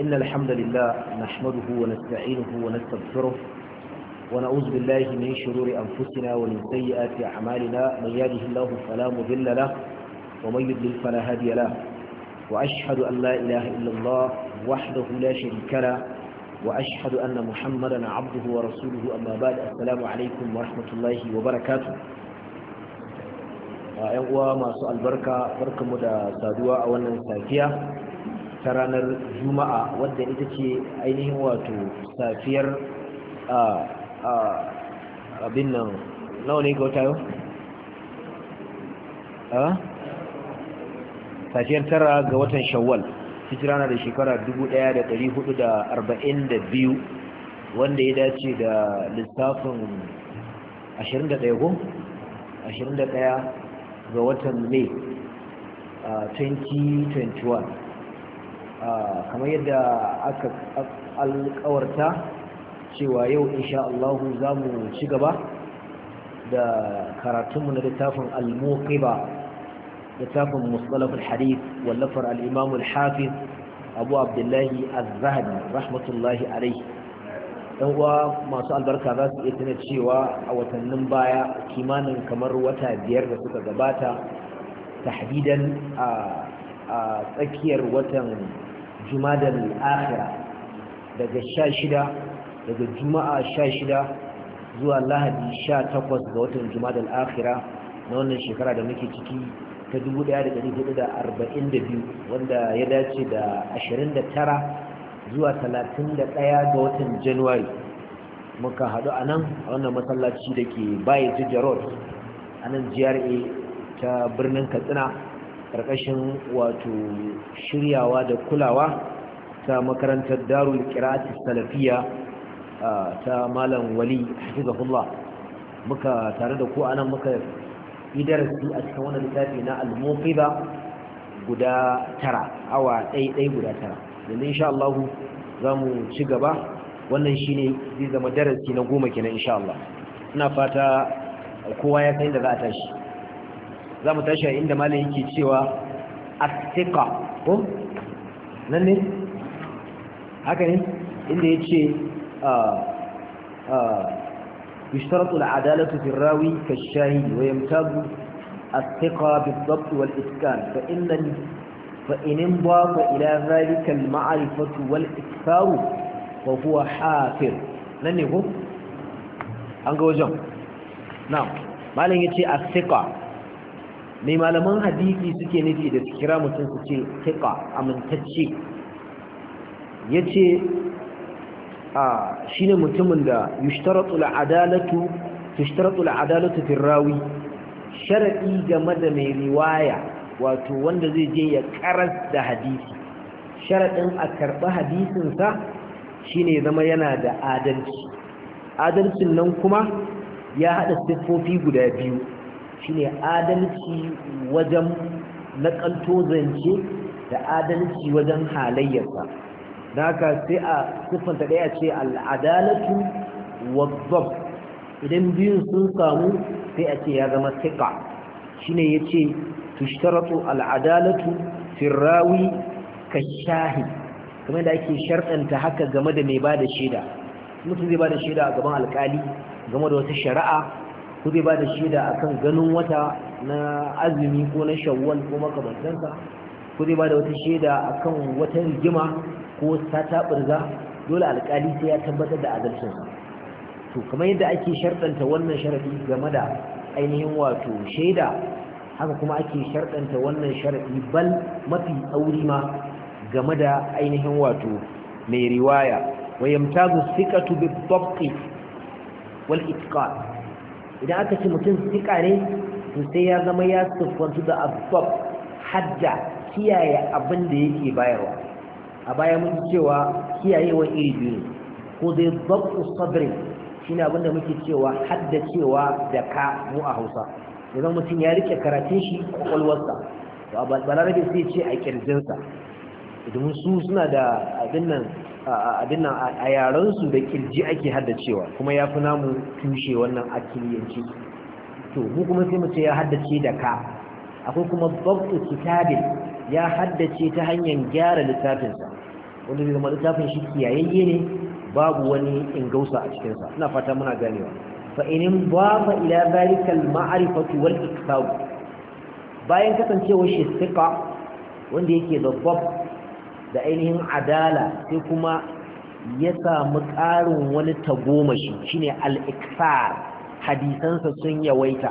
إن الحمد لله نحمده ونستعينه ونستغفره ونعوذ بالله من شرور أنفسنا ومن سيئات أعمالنا من يهده الله فلا مضل له ومن يضلل فلا هادي له وأشهد أن لا إله إلا الله وحده لا شريك له وأشهد أن محمدا عبده ورسوله أما بعد السلام عليكم ورحمة الله وبركاته ‘yan uwa masu albarka barkanmu da saduwa a wannan safiya ta ranar juma'a wadda ita ce ainihin wato safiyar abin nan nawa ne ga wata yau? safiyar tara ga watan shawwal hijira rana da shekara 1442 wanda ya dace da lissafin 21 go? 21 ga watan mai 2021 kamar yadda aka alkawarta cewa yau insha Allah za mu ci gaba da karatunmu na littafin al-muqiba littafin mustalafin hadith wallafar al imamul hafiz abu abdullahi az-zahabi rahmatullahi alayhi dan uwa masu albarka za su iya cewa a watannin baya kimanin kamar wata biyar da suka gabata tahdidan a tsakiyar watan jumada al-akhirah daga juma'a 16 zuwa lahadi takwas ga watan jumada al na wannan shekara da muke ciki ta 1442 wanda ya dace da 29 zuwa 31 ga watan January muka hadu a nan a wannan masallaci da ke bayan jijjarot a nan GRA ta birnin Katsina karkashin wato shiryawa da kulawa ta makarantar darul qira'ati salafiya ta malam wali hafizahullah muka tare da ku anan muka darasi a cikin wani littafi na al-muqiba guda tara awa ɗai ɗai guda tara yanzu insha Allah za mu ci gaba wannan ne zai zama darasi na goma kenan insha Allah ina fata kowa ya san da za a tashi za mu tashi inda malin yake cewa a tsika ko? nan ne? haka ne? ya ce ishtaratu ah, ah, al'adalatu fi rawi ka shahi wa yamtazu as wal itqan fa inna fa ila zalika al ma'rifatu wal ikfar wa huwa hafir nan ne ko an wajen na malin yace as-siqa mai malaman hadisi suke nufi da kira mutum su ce amintacce ya ce shi ne mutumin da yushtaratula adalatu firrawi sharaɗi game da mai riwaya wato wanda zai je ya karas da hadisi sharaɗin a karɓi hadisinsa shi ne zama yana da adalci adalcin nan kuma ya haɗa siffofi guda biyu ne adalci wajen nakalto zance da adalci wajen halayyarsa da haka sai a siffanta daya ce al'adalatu wadzab idan biyun sun samu sai a ce ya zama siƙa ne ya ce tushtaratu al'adalatu firrawi ka shahi kuma da ake sharɗanta haka game da mai ba da shaida mutum zai ba da shaida a gaban alƙali game da wata shari'a ku zai ba da shaida akan ganin wata na azumi ko na shawwal ko makamantansa ku zai ba da wata shaida akan wata rigima ko ta taɓirza dole alƙali sai ya tabbatar da adalcinsa to kamar yadda ake sharɗanta wannan sharaɗi game da ainihin wato shaida haka kuma ake sharɗanta wannan sharaɗi bal mafi tsauri ma game da ainihin wato mai riwaya wa yamtazu thiqatu bi-dhabti wal-itqan idan aka ce mutum sika ne to sai ya zama ya siffantu da abab hajja kiyaye abin da yake bayarwa a baya mun cewa kiyayewa iri biyu ko zai zabu sabirin, shine abin da muke cewa hadda cewa da ka mu a Hausa idan mutum ya rike karatun shi kwakwalwarsa to a sai ce a kirjinsa domin su suna da abin nan abin nan a yaransu da kirji ake haddacewa kuma ya fi namu tushe wannan akiliyanci to mu kuma sai mu ce ya haddace da ka akwai kuma babu kitabin ya haddace ta hanyar gyara littafinsa wanda zama littafin shi kiyayayye ne babu wani ingausa a cikinsa ina fata muna ganewa fa'inin ba fa ila zalikal ma'arifatu wal bayan kasancewar shi wanda yake da da ainihin adala sai kuma ya samu ƙarin wani tagomashi shine al-iksar hadisansa sun yawaita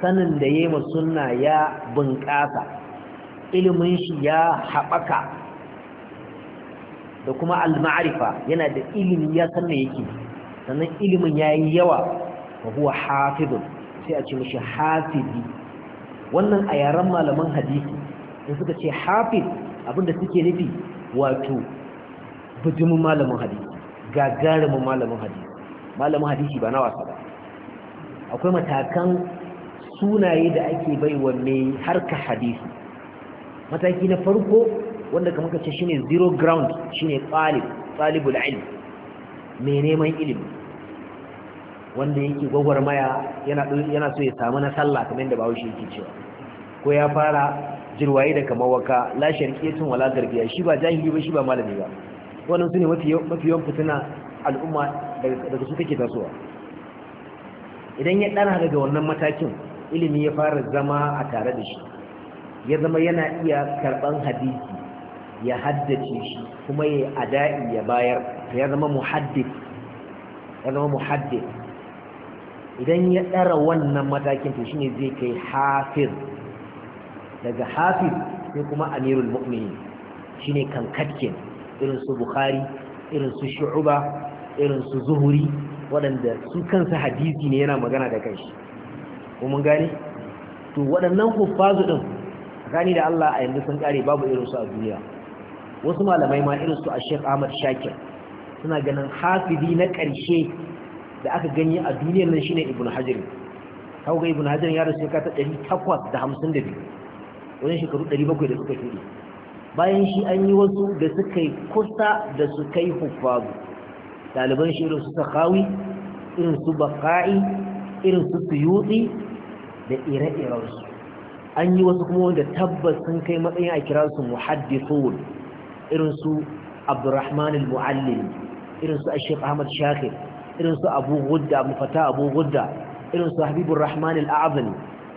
sanin da ya ma sunna ya bunƙasa ilimin shi ya haɓaka da kuma al maarifa yana da ilimin ya san da yake sannan ilimin ya yi yawa wa kuwa hafidun sai a ce mashi hafizi wannan a yaren malaman hadisi da suka ce hafiz abinda suke nufi wato bijimin malamin hadisi gagarumin malamin hadisi malamin hadisi ba na wasa ba akwai matakan sunaye da ake baiwa mai harka hadisi mataki na farko wanda kamar ka ce shine zero ground shine talib da ilm mai neman ilimi wanda yake gwagwarmaya yana so ya samu na sallah kamar yadda bawo shi yake cewa ko ya fara jirwaye da kamawaka la sharqiyatun wala garbiya shi ba jahili ba shi ba malami ba wannan sune mafi mafi yawan fitina al'umma daga su take tasowa idan ya dana daga wannan matakin ilimi ya fara zama a tare da shi ya zama yana iya karɓan hadisi ya haddace shi kuma ya ada'i ya bayar ya zama muhaddith ya zama muhaddith idan ya dara wannan matakin to shine zai kai hafiz daga hafiz sai kuma amirul mumini shine kankatkin irin su bukhari irin su shu'uba irin su zuhuri waɗanda su kansa hadisi ne yana magana da kai kuma gane to waɗannan huffazu ɗin gani da Allah a yanzu sun kare babu irin su a duniya wasu malamai ma irin su a Sheikh Ahmad Shakir suna ganin hafizi na ƙarshe da aka gani a duniyar nan shine Ibn Hajar kawai Ibn Hajar ya rasu ka ta biyu. wajen shekaru 700 da suka shuɗe bayan shi an yi wasu da suka yi kusa da su kai huffazu ɗaliban shi irin su sakawi irin su baka'i irin su suyuti da ire-irensu an yi wasu kuma wanda tabbas sun kai matsayin a kira su muhaddithun irin su abdurrahman al-muallim irin su ashif ahmad shakir irin su abu gudda mufata abu gudda irin su habibur rahman al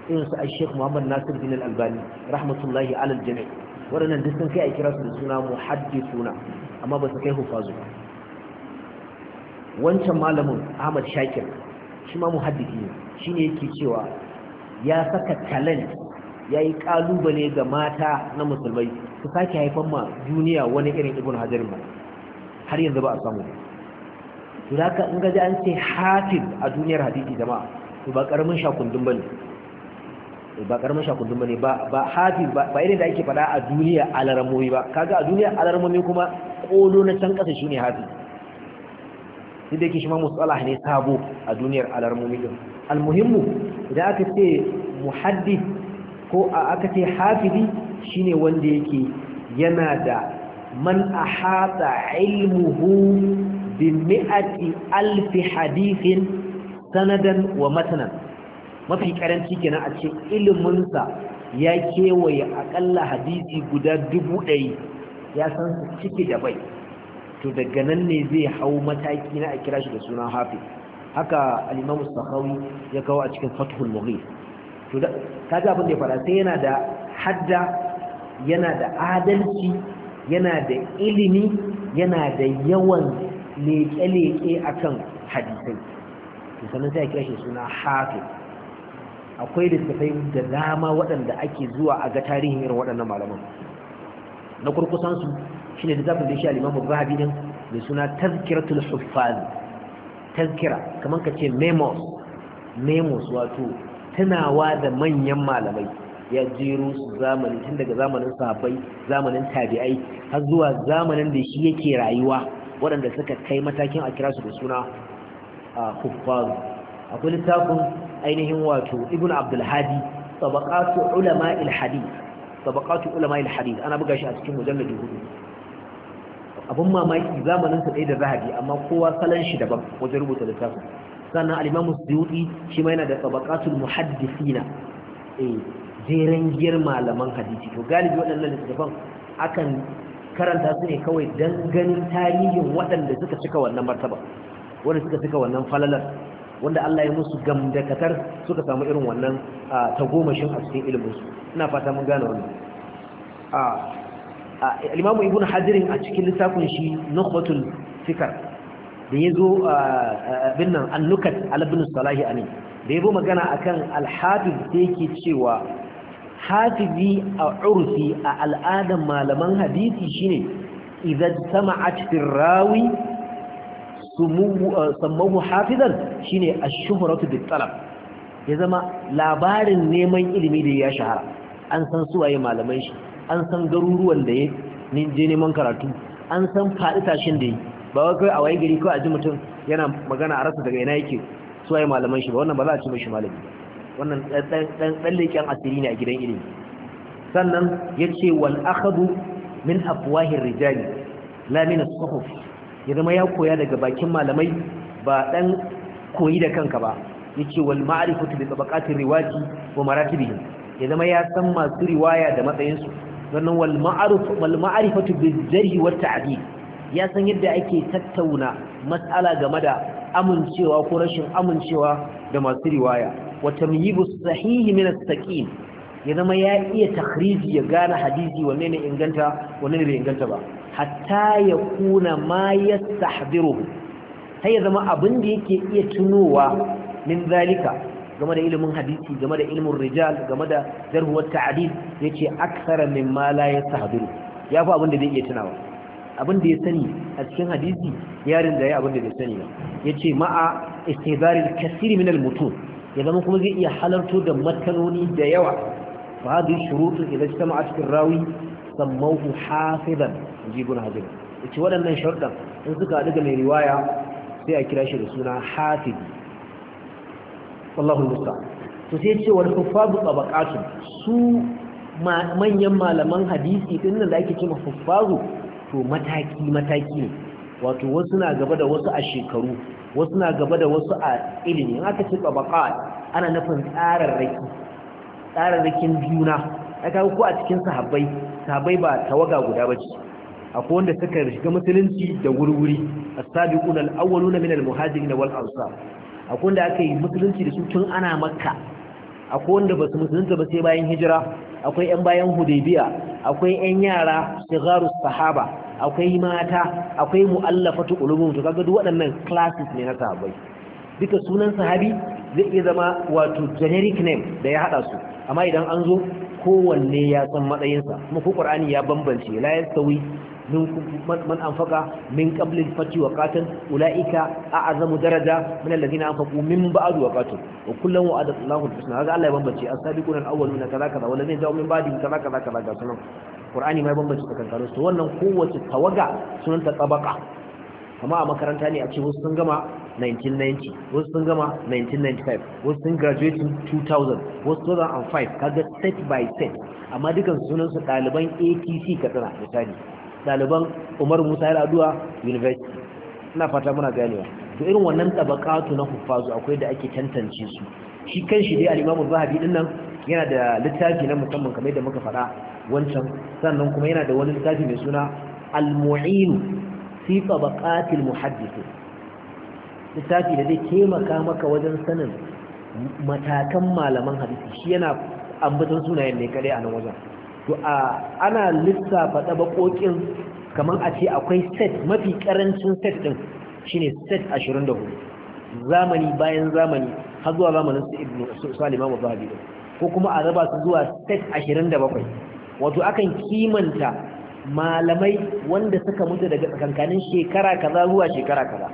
irin su al-Sheikh Muhammad Nasir bin Al-Albani rahmatullahi alal jami' waɗannan duk sun kai a kira su da suna muhaddisuna amma ba su kai hufazu ba wancan malamin Ahmad Shakir shi ma muhaddisi ne ne yake cewa ya saka talent ya yi ƙalubale ga mata na musulmai su sake haifan ma duniya wani irin ibn hajar ma har yanzu ba a samu to da ka in gaji an ce hafiz a duniyar hadisi jama'a to ba karamin shakundun ne. ba karamin shakundun bane ne ba hafi ba irin da ake fada a duniya alarmomi ba kaga a duniya alarmomi kuma kolo na can kasa ne hafi duk da yake shi ma musalah ne sabo a duniyar alarmomi din almuhimmu idan aka ce muhaddis ko aka ce hafizi shine wanda yake yana da man ahata ilmuhu bi mi'ati alfi hadithin sanadan wa matanan mafi karanci kenan a ce iliminsa ya kewaye akalla hadisi guda dubu ɗaya, ya san su ciki da bai to daga nan ne zai hau mataki na a kira shi da suna hafi haka alimamu sahawi ya kawo a cikin fathul mughi to da ga abin da ya fara sai yana da hadda yana da adalci yana da ilimi yana da yawan leke-leke akan hadisai to sannan sai a kira shi suna hafi akwai littattafai da dama waɗanda ake zuwa a ga tarihin irin waɗannan malaman na kurkusansu shi ne littafin da shi alimamu rahabi ɗin mai suna tazkiratul huffaz tazkira kamar ka ce memos memos wato tunawa da manyan malamai ya jiro su zamani tun daga zamanin sahabbai zamanin tabi'ai har zuwa zamanin da shi yake rayuwa waɗanda suka kai matakin a kira su da suna a huffaz akwai littafin ainihin wato ibn abdulhadi tabaqatu ulama alhadith tabaqatu ulama alhadith ana buga shi a cikin mujalladi hudu abun mamaki zamanin sa dai da zahabi amma kowa salon shi daban wajen rubuta littafin sannan al-imam suyuti shi ma yana da tabaqatul muhaddisina eh jeren giyar malaman hadisi to galibi waɗannan littafan akan karanta su ne kawai don ganin tarihin waɗanda suka cika wannan martaba wanda suka cika wannan falalar wanda Allah ya musu gamdakatar suka samu irin wannan tagomashin a cikin iliminsu ina fata mun gane wannan imamu ibn hadirin a cikin lissafin shi nukbatul fikar da ya zo bin nan annukat alabin salahi amin da ya zo magana akan alhafi da yake cewa hafizi a urfi a aladar malaman hadisi shine idan cikin firrawi sammahu hafizan shine ash-shuhratu bit-talab ya zama labarin neman ilimi da ya shahara an san suwaye malaman shi an san garuruwan da ya je neman karatu an san faɗi tashin da yi ba wai kai a waye gari kawai a ji mutum yana magana a rasa daga yana yake suwaye malaman shi ba wannan ba za a ci shi malami wannan ɗan dan leken asiri ne a gidan ilimi sannan yace wal akhadhu min afwahir rijali la min as-suhuf ya zama ya koya daga bakin malamai ba dan koyi da kanka ba yace wal ma'rifatu bi tabaqati riwaji wa maratibihim ya zama ya san masu riwaya da matsayinsu. su sannan wal ma'ruf wal ma'rifatu bi wa ta'dil ya san yadda ake tattauna mas'ala game da amincewa ko rashin amincewa da masu riwaya wa tamyibu sahihi min as-saqim ya zama ya iya takhriji ya gane hadisi wanne ne inganta wanne ne bai inganta ba hatta ya kuna ma ya sahbiru sai ya zama abin da yake iya tunowa min zalika game da ilimin hadisi game da ilimin rijal game da jarhu wa ya ce aksara mimma la ya sahbiru ya fa abin da zai iya tunawa abin da ya sani a cikin hadisi yarin da ya abin da zai sani ba Ya ce ma'a istihbaril kasiri min al ya zama kuma zai iya halarto da matanoni da yawa fa hadhihi shurutun idza ijtama'at cikin rawi sammauhu hafizan ji ibn hajar yace waɗannan sharuɗan in suka haɗu mai riwaya sai a kira shi da suna hafiz wallahu Su to sai ce wani huffaz tabaqatun su manyan malaman hadisi din nan da ake cewa huffazu to mataki mataki ne wato wasu na gaba da wasu a shekaru wasu na gaba da wasu a ilimi in aka ce tabaqat ana nufin tsararraki tsararrakin juna aka ko a cikin sahabbai sahabbai ba tawaga guda bace akwai wanda suka shiga musulunci da wurwuri as-sabiqun al-awwaluna min al-muhajirin wal ansar akwai wanda aka yi musulunci da su tun ana makka akwai wanda basu musulunta ba sai bayan hijira akwai yan bayan hudaybiya akwai yan yara sigaru sahaba akwai mata akwai mu'allafatu qulubuhum to kaga duk waɗannan classes ne na sahabbai duka sunan sahabi zai iya zama wato generic name da ya hada su amma idan an zo kowanne ya san matsayinsa muku ƙwarani ya bambance la ya sauyi min man min qablil fati wa qatil ulaika a'zamu daraja min alladhina anfaqu min ba'du wa qatil wa Allahu husna Allah ya bambace as-sabiqun al-awwaluna kaza kaza wa alladhina ja'u min ba'dihim kaza kaza kaza ga sunan qur'ani mai bambace ta kankaro to wannan kowace tawaga sunan ta tabaka kuma a makaranta ne a ce wasu sun gama 1990 wasu sun gama 1995 wasu sun graduate 2000 wasu 2005 kaga set by set amma dukan su ɗaliban atc katsina misali ɗaliban umar musa al'aduwa university ina fata muna ganewa to irin wannan tabaqatu na hufazu akwai da ake tantance su shi kan shi dai al'imamu zahabi din nan yana da littafi na musamman kamar yadda muka faɗa wancan sannan kuma yana da wani littafi mai suna al-mu'inu fi tabaqatil muhaddithin littafi da zai taimaka maka wajen sanin matakan malaman hadisi shi yana ambatan sunayen ne kare a nan wajen to a ana lissafa bakokin kamar a ce akwai set mafi karancin set din shine set 24 zamani bayan zamani har zuwa zamanin su ibnu salima mababi ko kuma a raba su zuwa set 27 wato akan kimanta malamai wanda suka mutu daga tsakankanin shekara kaza zuwa shekara kaza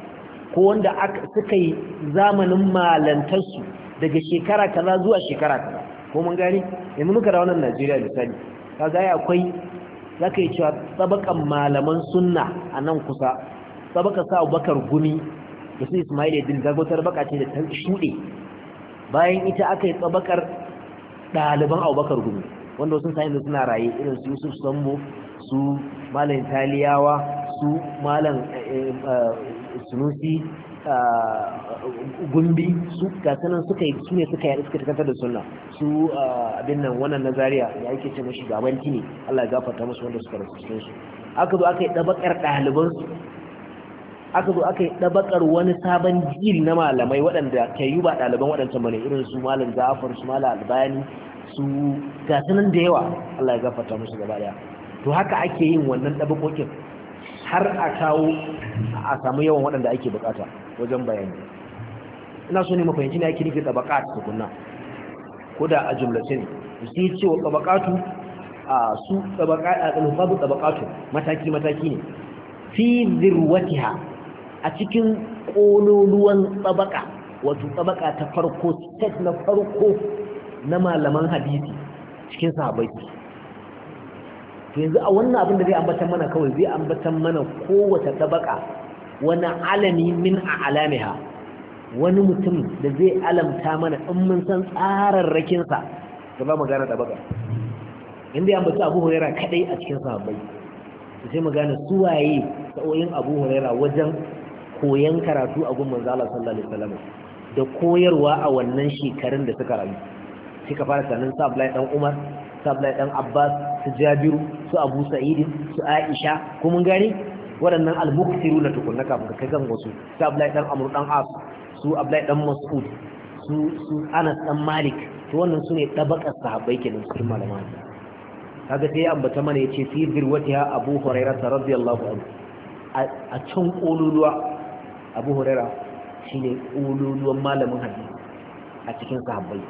ko wanda suka yi zamanin malantarsu daga shekara kaza zuwa shekara kaza ko mun gani yanzu muka da wannan Najeriya misali ka ya akwai zaka yi cewa tsabakan malaman sunna a nan kusa tsabaka sa Abubakar Gumi da su Ismail Din zagotar baka ce da ta shuɗe bayan ita aka yi tsabakar ɗaliban Abubakar Gumi wanda sun sani da suna raye irin su Yusuf Sambo su Malam Taliyawa su Malam eh, eh, eh, sunusi uh, gumbi su gasanan suka yi su ne suka yi suka tafata da sunna su uh, abin nan wannan na zaria ya ake ce mashi gabanti ne Allah ya gafarta musu wanda suka rasu cikin su aka zo aka yi dabakar ɗaliban su aka zo aka yi dabakar wani sabon jiri na malamai waɗanda ke yi ba ɗaliban waɗancan bane irin su malam zafar su malam Albani su nan da yawa Allah ya gafarta musu gaba daya to haka ake yin wannan dabakokin har a kawo a samu yawan waɗanda ake bukata wajen bayani ina so ne mafahimci ne ake nufi tabakat tukunna ko da a jumlace su yi cewa tabakatu a su tabakatu tabakatu mataki mataki ne fi Watiha, a cikin ƙololuwan tabaka wato tabaka ta farko step na farko na malaman hadisi cikin sahabbai to yanzu a wannan abin da zai ambatan mana kawai zai ambatan mana kowace tabaka wani alami min a alamiha wani mutum da zai alamta mana in mun san tsararrakinsa da ba mu gane tabaka inda ya ambata abu hurera kadai a cikin sahabbai da sai mu gane suwaye sa'o'in abu hurera wajen koyan karatu a gun manzala sallallahu da koyarwa a wannan shekarun da suka rayu suka fara sanin sa Abdullahi dan Umar su dan Abbas su Jabiru su Abu Sa'id su Aisha kuma gani waɗannan al na tukun kafin ka kai kan wasu su Abdullahi dan Amr dan As su Abdullahi dan Mas'ud su su Anas dan Malik to wannan sune tabakar sahabbai kenan cikin malaman kaga sai ambata mana ce, fi birwatiha Abu Hurairah radiyallahu anhu a can ƙululuwa, Abu Hurairah shine ƙululuwan malamin hadisi a cikin sahabbai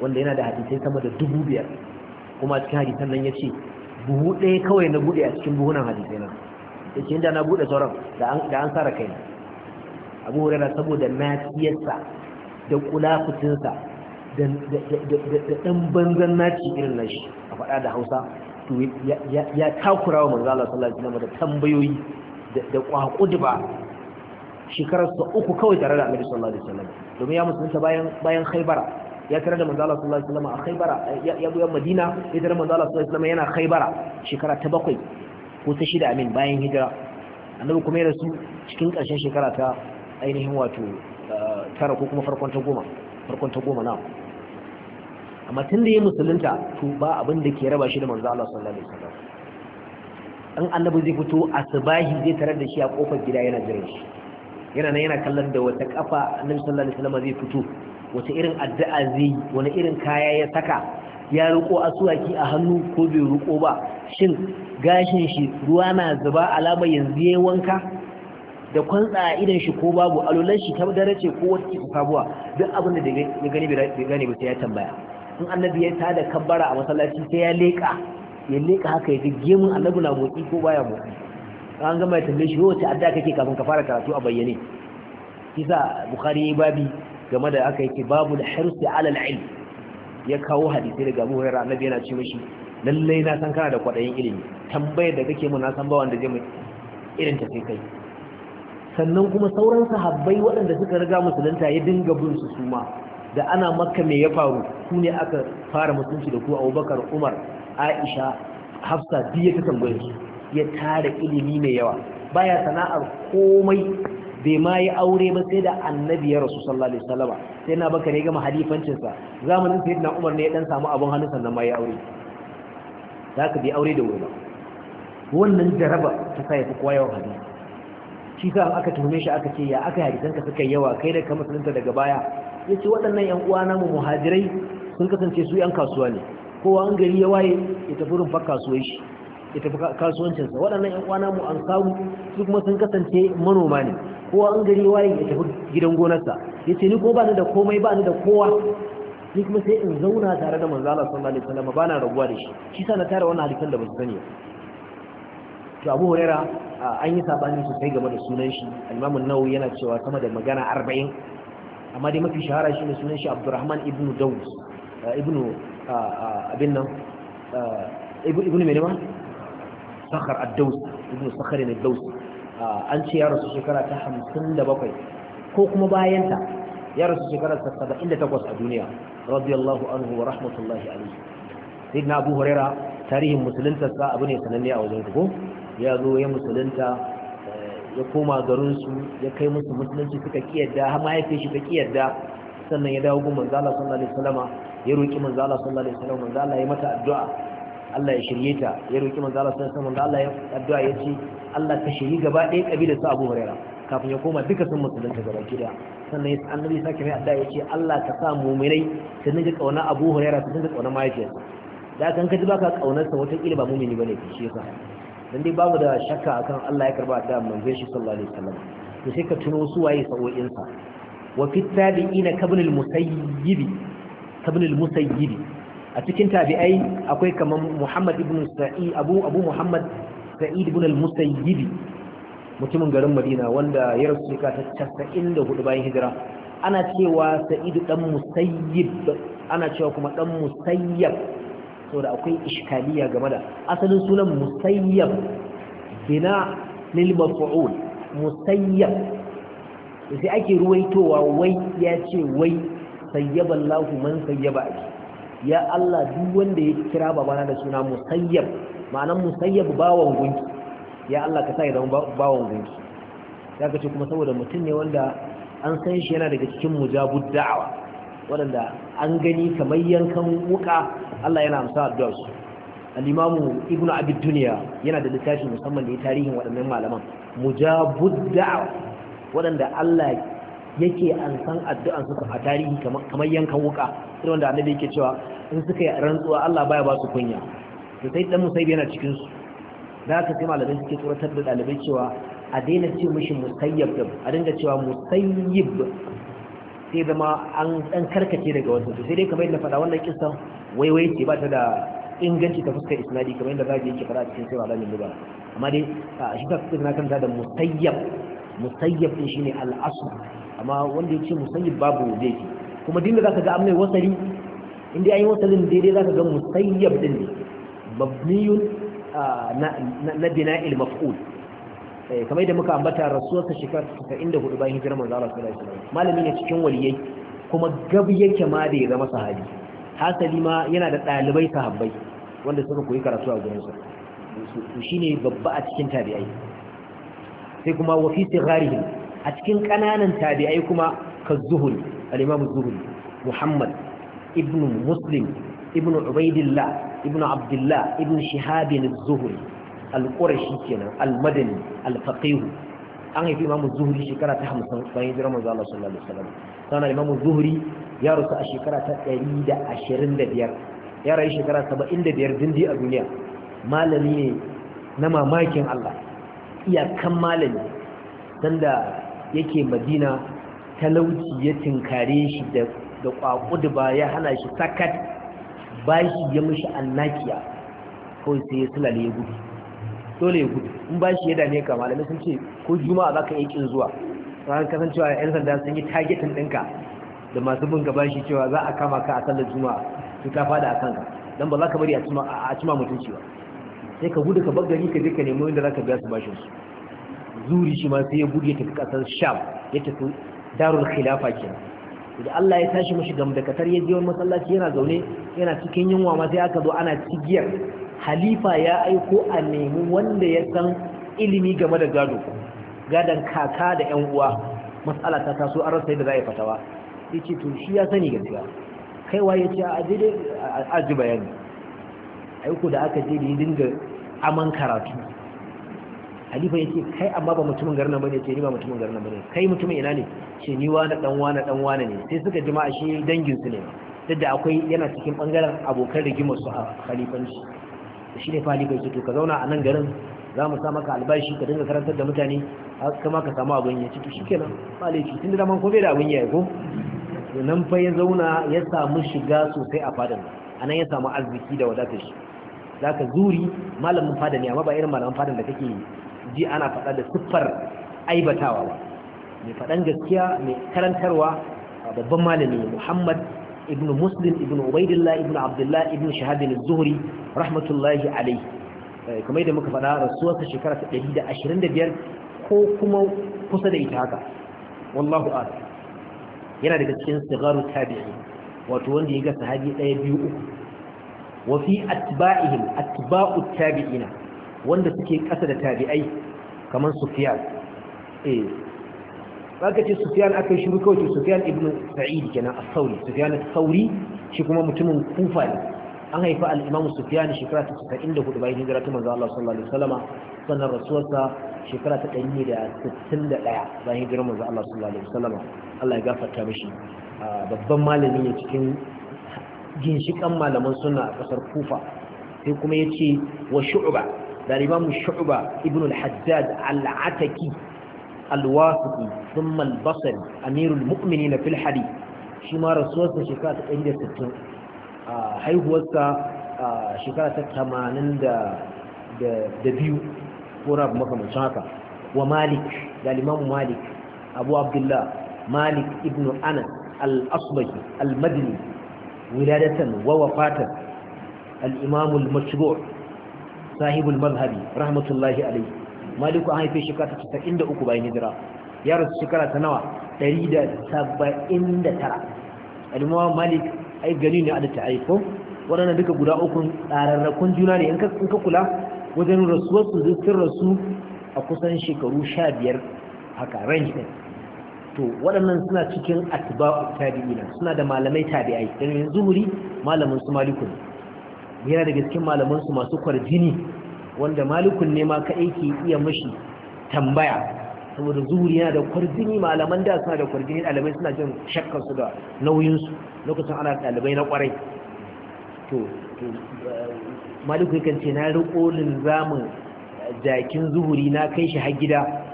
wanda yana da hadisai sama da dubu biyar kuma cikin hadisan nan ya ce buhu ɗaya kawai na buɗe a cikin buhunan hadisai nan da ke na buɗe sauran da an tsara kai abu hurera saboda naciyarsa da kula fitinsa da ɗan banzan naci irin na shi a faɗa da hausa to ya takura wa manzala sallallahu alaihi tambayoyi da tambayoyi da ba shekararsa uku kawai tare da annabi sallallahu alaihi wasallam domin ya musulunta bayan bayan ya tare da manzo Allah sallallahu alaihi wasallam a Khaybara ya buya Madina ya tare manzo Allah sallallahu alaihi wasallam yana Khaybara shekara ta bakwai ko ta shida amin bayan hijira annabi kuma ya rasu cikin ƙarshen shekara ta ainihin wato uh, tara ko kuma farkon ta goma farkon ta goma na amma tun da ya musulunta to ba abin da ke raba shi da manzo Allah sallallahu alaihi wasallam an annabi zai fito asbahi zai tare da shi a kofar gida yana jiran shi yana nan yana kallon da wata kafa annabi sallallahu alaihi wasallam zai fito wace irin addu'a zai wani irin kaya ya saka ya riko asuwaki a hannu ko bai riko ba shin gashin shi ruwa na zuba alama yanzu yayin wanka da kwantsa a idan shi ko babu alolan shi ta dare ce ko wata ku kabuwa duk abin da ya gani bai gani ba sai ya tambaya in annabi ya da kabbara a masallaci sai ya leka ya leka haka ya ji gemun annabi na motsi ko baya motsi an gama ya tambaye shi wace adda kake kafin ka fara karatu a bayyane kisa bukhari ya babi game da aka yake babu da harsu alal ilm ya kawo hadisi daga Abu Rana annabi yana ce mashi Lallai na san kana da kwaɗayin ilimi tambayar da kake mun na san bawan da zai mai irin ta sai kai sannan kuma sauran sahabbai waɗanda suka riga musulunta ya dinga bin su suma da ana makka me ya faru ku ne aka fara musulunci da ku Abubakar Umar Aisha Hafsa biyu ta tambaye ya tara ilimi mai yawa baya sana'ar komai bai ma yi aure ba sai da annabi ya rasu sallallahu alaihi wasallam sai na baka ne gama halifancin sa zamanin sayyidina Umar ne ya dan samu abun hannu sannan ma yi aure zaka bi aure da wuri wannan jaraba ta sai fi kowa yawan hadisi shi sa aka tuhume shi aka ce ya aka hadisan ka suka yawa kai da ka musulunta daga baya Ya ce waɗannan yan uwa na mu muhajirai sun kasance su yan kasuwa ne kowa an gari ya waye ya tafi rumfar kasuwar shi ya tafi kasuwancinsa waɗannan ƴan uwana mu an samu su kuma sun kasance manoma ne kowa an gari waye ya tafi gidan gonarsa ya ce ni ko ba ni da komai ba ni da kowa ni kuma sai in zauna tare da manzo Allah sallallahu alaihi wasallam ba na rabuwa da shi shi sa na tare wannan hadisan da ba su sani to Abu Huraira an yi sabani sosai game da sunan shi Imam an-Nawawi yana cewa sama da magana 40 amma dai mafi shahara shi ne sunan shi Abdurrahman ibn Dawud ibn abin nan ibn menema Sakar Addausi, dawsi ibn sakari ad-dawsi ah, an ce ya rasu shekara ta hamsin da bakwai, ko kuma bayan ta ya rasu shekara ta takwas a duniya radiyallahu anhu wa rahmatullahi alayhi sayyidina abu huraira tarihin musulunta sa abu ne sananne a wajen ko ya zo ya musulunta eh, ya koma garin su ya kai musu musulunci suka kiyarda har mahaifin shi ta kiyarda sannan ya dawo gun manzo Allah sallallahu alaihi wasallama ya roki manzo Allah sallallahu alaihi wasallama manzo Allah ya mata addu'a Allah ya shirye ta ya roki manzo Allah sallallahu alaihi wasallam Allah ya addu'a ya ce Allah ka shiri gaba ɗaya kabilar su Abu Huraira kafin ya koma duka sun musulunta gaba ki daya sannan annabi sake mai addu'a ya ce Allah ka sa mu'minai su dinga kauna Abu Huraira su dinga kauna mahaifiyarsa da kan ka ji baka kaunar sa wata kila ba mu'mini bane shi yasa dan dai babu da shakka akan Allah ya karba addu'a manzo shi sallallahu alaihi wasallam to sai ka tuno su waye sa'o'in sa wa fit tabi'ina kabnul musayyibi kabnul musayyibi a cikin tabi'ai akwai kamar Muhammad ibn Sa'id Abu Abu Muhammad Sa'id ibn al-Musayyib mutumin garin Madina wanda ya rasu ta 94 bayan hijira ana cewa Sa'id dan Musayyib ana cewa kuma dan Musayyab saboda akwai iskaliya game da asalin sunan Musayyab bina lil maf'ul Musayyab sai ake ruwaitowa wai ya ce wai sayyaballahu man sayyaba ake ya Allah duk wanda ya kira babana da suna musayyab ma'anan musayyab bawan gunki ya Allah ka sa ya zama bawan gunki ya ka ce kuma saboda mutum ne wanda an san shi yana daga cikin mujabud da'awa waɗanda an gani kamar yankan wuka Allah yana amsa addu'a su al-imamu ibnu abi dunya yana da littafi musamman da ya tarihin waɗannan malaman mujabud da'awa waɗanda Allah yake an san addu'an su a tarihi kamar yankan wuka sai wanda annabi yake cewa in suka yi rantsuwa Allah baya ba su kunya to sai dan musaib yana cikin su da ka sai malamin suke tsoratar da dalibai cewa a daina ce mishi musayyab da a dinga cewa musayyib sai zama an dan karkace daga wannan to sai dai kamar yadda faɗa wannan kissan waiwai ce ba ta da inganci ta fuskar isnadi kamar yadda zaki yake fara cikin sa'i sura alamin ba amma dai shi ta fuskar na kanta da musayyab musayyab din shine al-asl amma wanda ya ce musayyib babu laifi kuma dinda ka ga amnai wasari in dai an yi wasarin daidai zaka ga musayyab din ne mabniyun na bina maf'ul eh, kamar da muka ambata rasuwar ta shekara 94 bayan hijirar manzo Allah sallallahu alaihi wasallam malami ne cikin waliyai kuma gab yake ma da ya zama sahabi hasali ma yana da dalibai sahabbai wanda suka koyi karatu a gurin sa shine babba a cikin tabi'ai sai kuma wa fi sigharihim a cikin ƙananan tabi'ai kuma ka zuhul al-imam zuhul muhammad ibn muslim ibn ubaidillah ibn abdullah ibn shihab az-zuhul al-qurashi kenan al-madani al faqihu an haifi imamu zuhuri shekara ta hamsin bayan jiran manzo Allah sallallahu alaihi wasallam sana imamu zuhuri ya rasu a shekara ta ɗari da ashirin da biyar ya rayu shekara saba'in da biyar dindi a duniya malami ne na mamakin Allah iyakan malami sanda yake madina talauci ya tinkare shi da kwakuduba ya hana shi sakat bashi ya mishi annakiya kawai sai ya sulale ya gudu dole ya gudu in bashi ya dame ka malamai sun ce ko juma'a za ka iya kin zuwa ranar kasancewa yan sanda sun yi targetin ɗinka da masu bin gaba shi cewa za a kama ka a sallar juma'a su ta fada a kanka don ba za ka bari a cima mutunci ba sai ka gudu ka bar gari ka je ka nemi inda za ka biya su bashin su zuri shi ma sai ya buge tafi kasar sham ya tafi darul khilafa kenan da Allah ya tashi mashi dakatar ya je wani masallaci yana zaune yana cikin yunwa ma sai aka zo ana cigiyar halifa ya aiko a nemi wanda ya san ilimi game da gado gadon kaka da yan uwa matsala ta taso an rasa yadda za a yi fatawa ya ce to shi ya sani gaskiya kaiwa ya ce a a ji bayani aiko da aka je da ya dinga aman karatu halifa ya ce kai amma ba mutumin garin nan bane ce ni ba mutumin garin nan bane kai mutumin ina ne ce ni na dan wani dan wani ne sai suka jima shi dangin su ne duk da akwai yana cikin bangaren abokan rigimar su a halifanci shi ne halifa ya ce to ka zauna a nan garin za mu sa maka albashi ka dinga karantar da mutane kama ka samu abin ya ci to shikenan ba laifi tun da daman ko bai da abin ya ko nan fa ya zauna ya samu shiga sosai a fadan anan ya samu arziki da wadatar shi zaka zuri malamin fada ne amma ba irin malamin fadan da kake ji ana faɗa da siffar aibatawa ba mai faɗan gaskiya mai karantarwa babban malami muhammad ibn muslim ibn ubaidillah ibn abdullah ibn shahabin zuhri rahmatullahi alaihi eh, kamar da muka faɗa rasuwarsa shekara ta biyar ko kuma kusa da ita haka wallahu a'lam yana daga cikin sigaru tabi'i wato wanda ya ga sahabi ɗaya biyu uku wa fi atba'ihim atba'u tabi'ina wanda suke ƙasa da tabi'ai kamar sufiyan eh zaka ce sufiyan aka shiru kawai ce sufiyan ibn sa'id kenan as-sauri sufiyan as-sauri shi kuma mutumin kufa ne an haifa al-imam sufiyan shekara ta 94 bayan hijira ta manzo Allah sallallahu alaihi wasallama sannan rasuwarsa shekara ta 161 bayan hijira manzo Allah sallallahu alaihi wasallama Allah ya gafarta mishi ah, babban malami ne cikin ginshikan malaman sunna a kasar kufa sai kuma yace wa shu'ba الإمام الشعبة ابن الحجاج العتكي الواثقي ثم البصري أمير المؤمنين في الحديث شما رسول الله شكاة عند ستون حيث هو شكاة تمانين دا دبيو قراب مقام الشهاكا ومالك الإمام مالك أبو عبد الله مالك ابن أنس الأصبي المدني ولادة ووفاة الإمام المشروع sahibul mazhabi rahmatullahi alaihi maliku an haife shekara ta 93 bayan hijira ya rasu shekara ta nawa 179 al malik ai gani ne a da ta'aifo waɗannan duka guda ukun tsararrakun juna ne in ka kula wajen rasuwar su sun rasu a kusan shekaru sha biyar haka range ɗin to waɗannan suna cikin atba'u tabi'ina suna da malamai tabi'ai dan yanzu muri malamin su maliku yana daga cikin malamansu masu kwarjini wanda malikun ne ma kaɗai ke iya mashi tambaya saboda zuhuri yana da kwarjini malaman da suna da kwarjini ɗalibai suna jin su da nauyinsu lokacin ana ɗalibai na ƙwarai to eh, maliku yakan ce na riƙo linzamin jakin zuhuri na kai shi har gida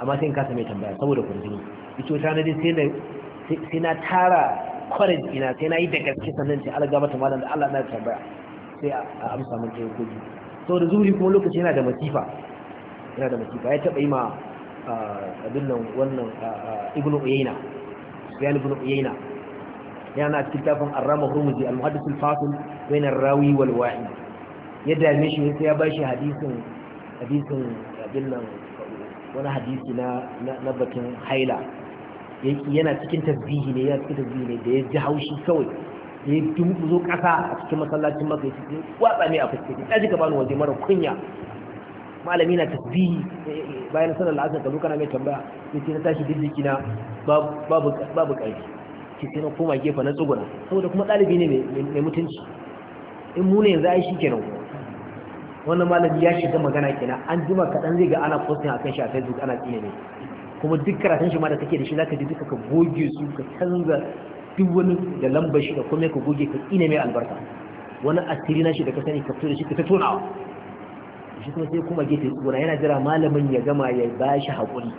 amma sai in kasa mai tambaya saboda kwarjini ito ta na sai na tara kwarin ina sai na yi da gaske sannan ce algaba ta malam da Allah na tambaya sai a amsa mun ɗaya ko So saboda zuri kuma lokaci yana da masifa yana da masifa ya taɓa yi ma abin wannan ibn uyayna sufyan ibn uyayna yana cikin tafin arrama hurmuzi al-muhaddis al-fasil bain ar-rawi wal wa'i ya dame shi sai ya bashi hadisin hadisin abin wani hadisi na na bakin haila yana cikin tasbihi ne yana cikin tasbihi ne da ya ji haushi kawai da ya zo ƙasa a cikin masallacin maka ya ce eh, watsa ne a fuskaci ta ji ka waje mara kunya malami na tafi eh, eh, bayan sanar la'asar ka kana mai tambaya ya ce na tashi jijjiki na babu ƙarfi Ke sai na koma gefa na tsuguna saboda kuma ɗalibi ne mai mutunci in mu ne yanzu ai shi kenan wannan malami ya shiga magana kenan an jima kaɗan zai ga ana posting kan shi a facebook ana tsine ne kuma duk karatun shi ma da take da shi ka ji duka ka goge su ka canza duk wani da lambar shi da kuma ka goge ka ina mai albarka wani asiri na shi da ka sani ka fito da shi ka ta tonawa shi kuma sai kuma gefe tsora yana jira malamin ya gama ya ba shi haƙuri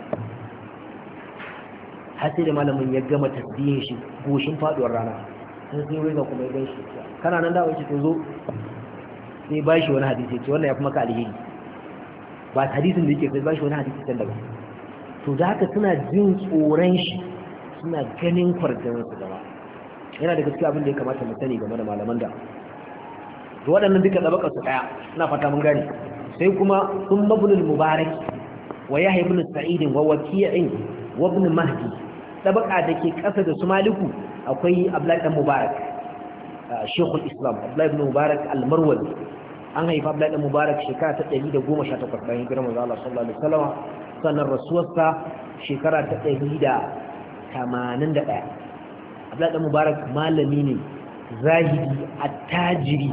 har sai da malamin ya gama tasbihin shi goshin faduwar rana sai sai wai ga kuma ya ganshi kana nan dawo shi to zo sai ba shi wani hadisi ce wannan ya kuma ka alheri ba hadisin da yake sai ba shi wani hadisi can daga to da haka suna jin tsoron shi suna ganin kwarjan su da yana da gaskiya abin da ya kamata mu sani game da malaman da to waɗannan duka tsabakar su daya ina fata mun gane sai kuma sun mabnul mubarak wa yahya ibn sa'id wa waqi'in wa ibn mahdi tsabaka da ke ƙasa da su maliku akwai abdullahi dan mubarak shekul islam abdullahi ibn mubarak al-marwazi an haifa abdullahi dan mubarak shekara ta 118 bayan hijirar manzo Allah sallallahu alaihi wasallam sannan rasuwarsa shekara ta 181 abdullahi dan mubarak malami ne zahidi tajiri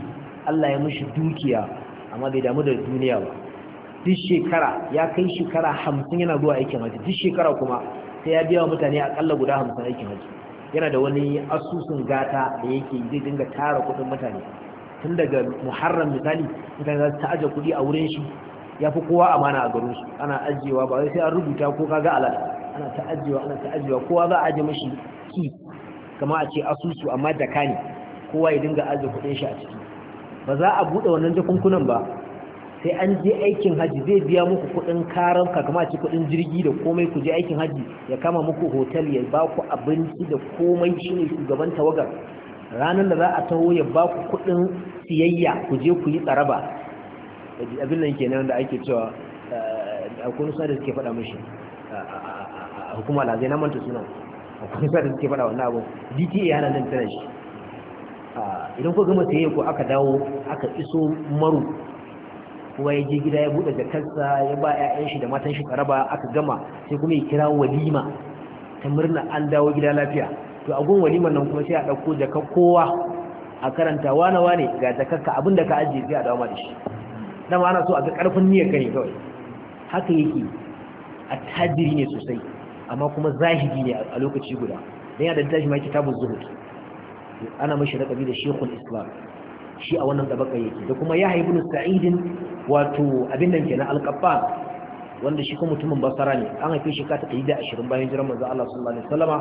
Allah ya mushi dukiya amma bai damu da duniya ba duk shekara ya kai shekara hamsin yana zuwa aikin haji duk shekara kuma sai ya biya wa mutane akalla guda hamsin aikin haji yana da wani asusun gata da yake zai dinga tara kuɗin mutane tun daga muharram misali mutane za su ta aje kudi a wurin shi ya fi kowa amana a garin su ana ajiyewa ba sai an rubuta ko kaga alal ana ta ajiyewa ana ta kowa za a aje mashi ki kama a ce asusu amma jaka ne kowa ya dinga arziki kudin shi a ciki ba za a buɗe wannan jakunkunan ba sai an je aikin hajji zai biya muku kudin karan ka kama ce kudin jirgi da komai ku je aikin haji ya kama muku hotel ya ba ku abinci da komai shi ne shugaban tawagar ranar da za a taho ya ba ku kudin siyayya ku je ku yi tsaraba abin nan kenan da ake cewa a kunu da suke faɗa mashi a hukuma zai na manta sunan akwai sa da suke faɗa wannan abu dta yana nan tana shi idan ku gama sai ko aka dawo aka iso maru kuma ya je gida ya buɗe jakarsa ya ba 'ya'yan shi da matan shi karaba aka gama sai kuma ya kira walima ta murna an dawo gida lafiya to a gun nan kuma sai a ɗauko ka kowa a karanta wane wane ga jakarka abinda ka ajiye sai a dawo ma da shi dama ana so a ga ƙarfin niyyar ka ne kawai haka yake a tajiri ne sosai amma kuma zahidi ne a lokaci guda dan yana da tashi mai kitabu zuhud ana mashi laqabi da shekul islam shi a wannan tabaka yake da kuma ya haibu sa'idin wato abin nan kenan alqaffan wanda shi kuma mutumin basara ne an haife shi ka ta da 20 bayan jiran manzo Allah sallallahu alaihi wasallama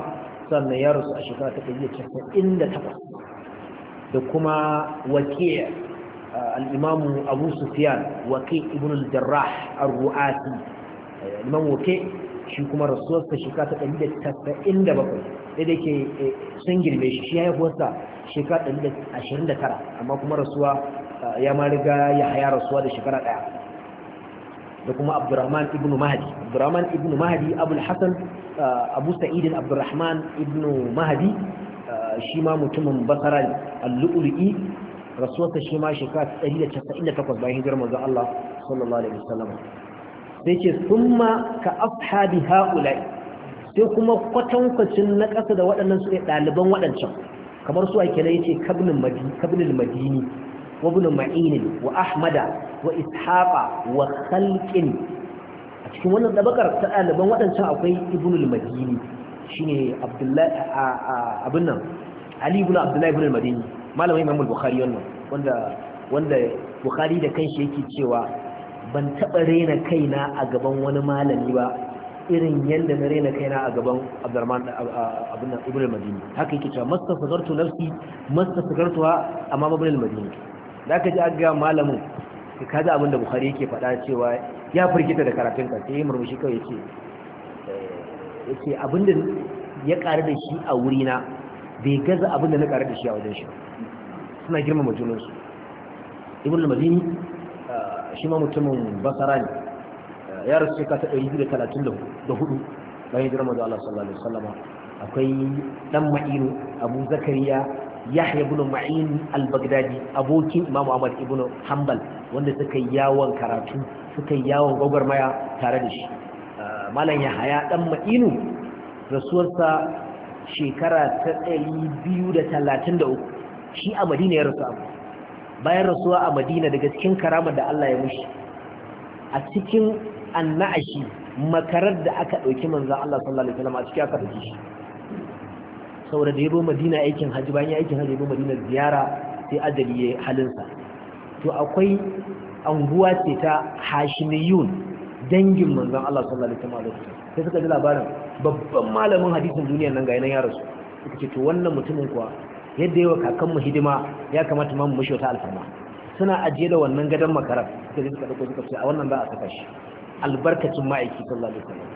sannan ya rasu a shekara ta 98 da kuma waqi' uh, al-imam Abu Sufyan waqi' ibn al-Jarrah ar-Ru'asi eh, imam waqi' shi kuma rasuwarsa shekara ta ɗari da tasa'in da bakwai da da ke eh, sun girme shi shi haihuwarsa shekara ɗari da ashirin da tara amma kuma rasuwa eh, ya ma riga ya haya rasuwa da shekara ɗaya da kuma abdurrahman ibn mahadi abdurrahman ibn mahadi abul hasan eh, abu sa'idin abdurrahman ibn mahadi shi ma mutumin basara al-lu'lu'i rasuwarsa shi ma shekara 198 bayan hijirar manzon Allah sallallahu alaihi wasallam sai ce summa ka ashabi haula'i sai kuma kwatankwacin na ƙasa da waɗannan su ne ɗaliban waɗancan kamar su ake nan yace kabnin madini kabnin madini wa ibn ma'in wa ahmada wa ishaqa wa khalqin a cikin wannan dabakar ta ɗaliban waɗancan akwai ibn madini shine abdullahi abin nan ali ibn abdullahi ibn madini malamin imam bukhari wannan wanda wanda bukhari da kanshi yake cewa ban taɓa raina kaina a gaban wani malami ba irin yadda na raina kaina a gaban abdurrahman abin ibn al-madini haka yake cewa masta sagartu nafsi masta sagartu ha a ibn al-madini da aka ji a ga malamin ka kaji abin da bukhari yake faɗa cewa ya firgita da karatun ka sai murmushi kawai ce. Eh, yace abin da ya ƙari da shi a wurina bai gaza abin da na ƙaru da shi a wajen shi suna girmama junansu ibn madini shi ma mutumin basara ne ya rasu shekara ta ɗari da talatin da hudu bayan hijirar manzo Allah sallallahu alaihi wasallam akwai dan ma'inu Abu Zakariya Yahya ibn Ma'in al-Baghdadi abokin Imamu Ahmad ibn Hanbal wanda suka yi yawon karatu suka yi yawon gwagwarmaya tare da shi ah, malam Yahaya dan ma'inu rasuwarsa shekara ta biyu da da talatin uku, shi a Madina ya rasu bayan rasuwa a madina daga cikin karamar da Allah ya mushi a cikin annashi makarar da aka ɗauki manzan Allah sallallahu Alaihi wasallam a cikin aka ɗauki shi saboda da ya bo madina aikin hajji bayan ya aikin hajji ya bo madina ziyara sai ajali ya halinsa to akwai anguwa ce ta hashimiyun dangin manzan Allah sallallahu Alaihi wasallam sai suka ji labarin babban malamin hadisin duniya nan ga yanar ya rasu ita ce to wannan mutumin kuwa yadda yawa kakanmu hidima ya kamata ma mu wata alfarma suna ajiye da wannan gadon makarar da suka suka ce a wannan za a saka shi albarkacin ma'aiki sallallahu alaihi wasallam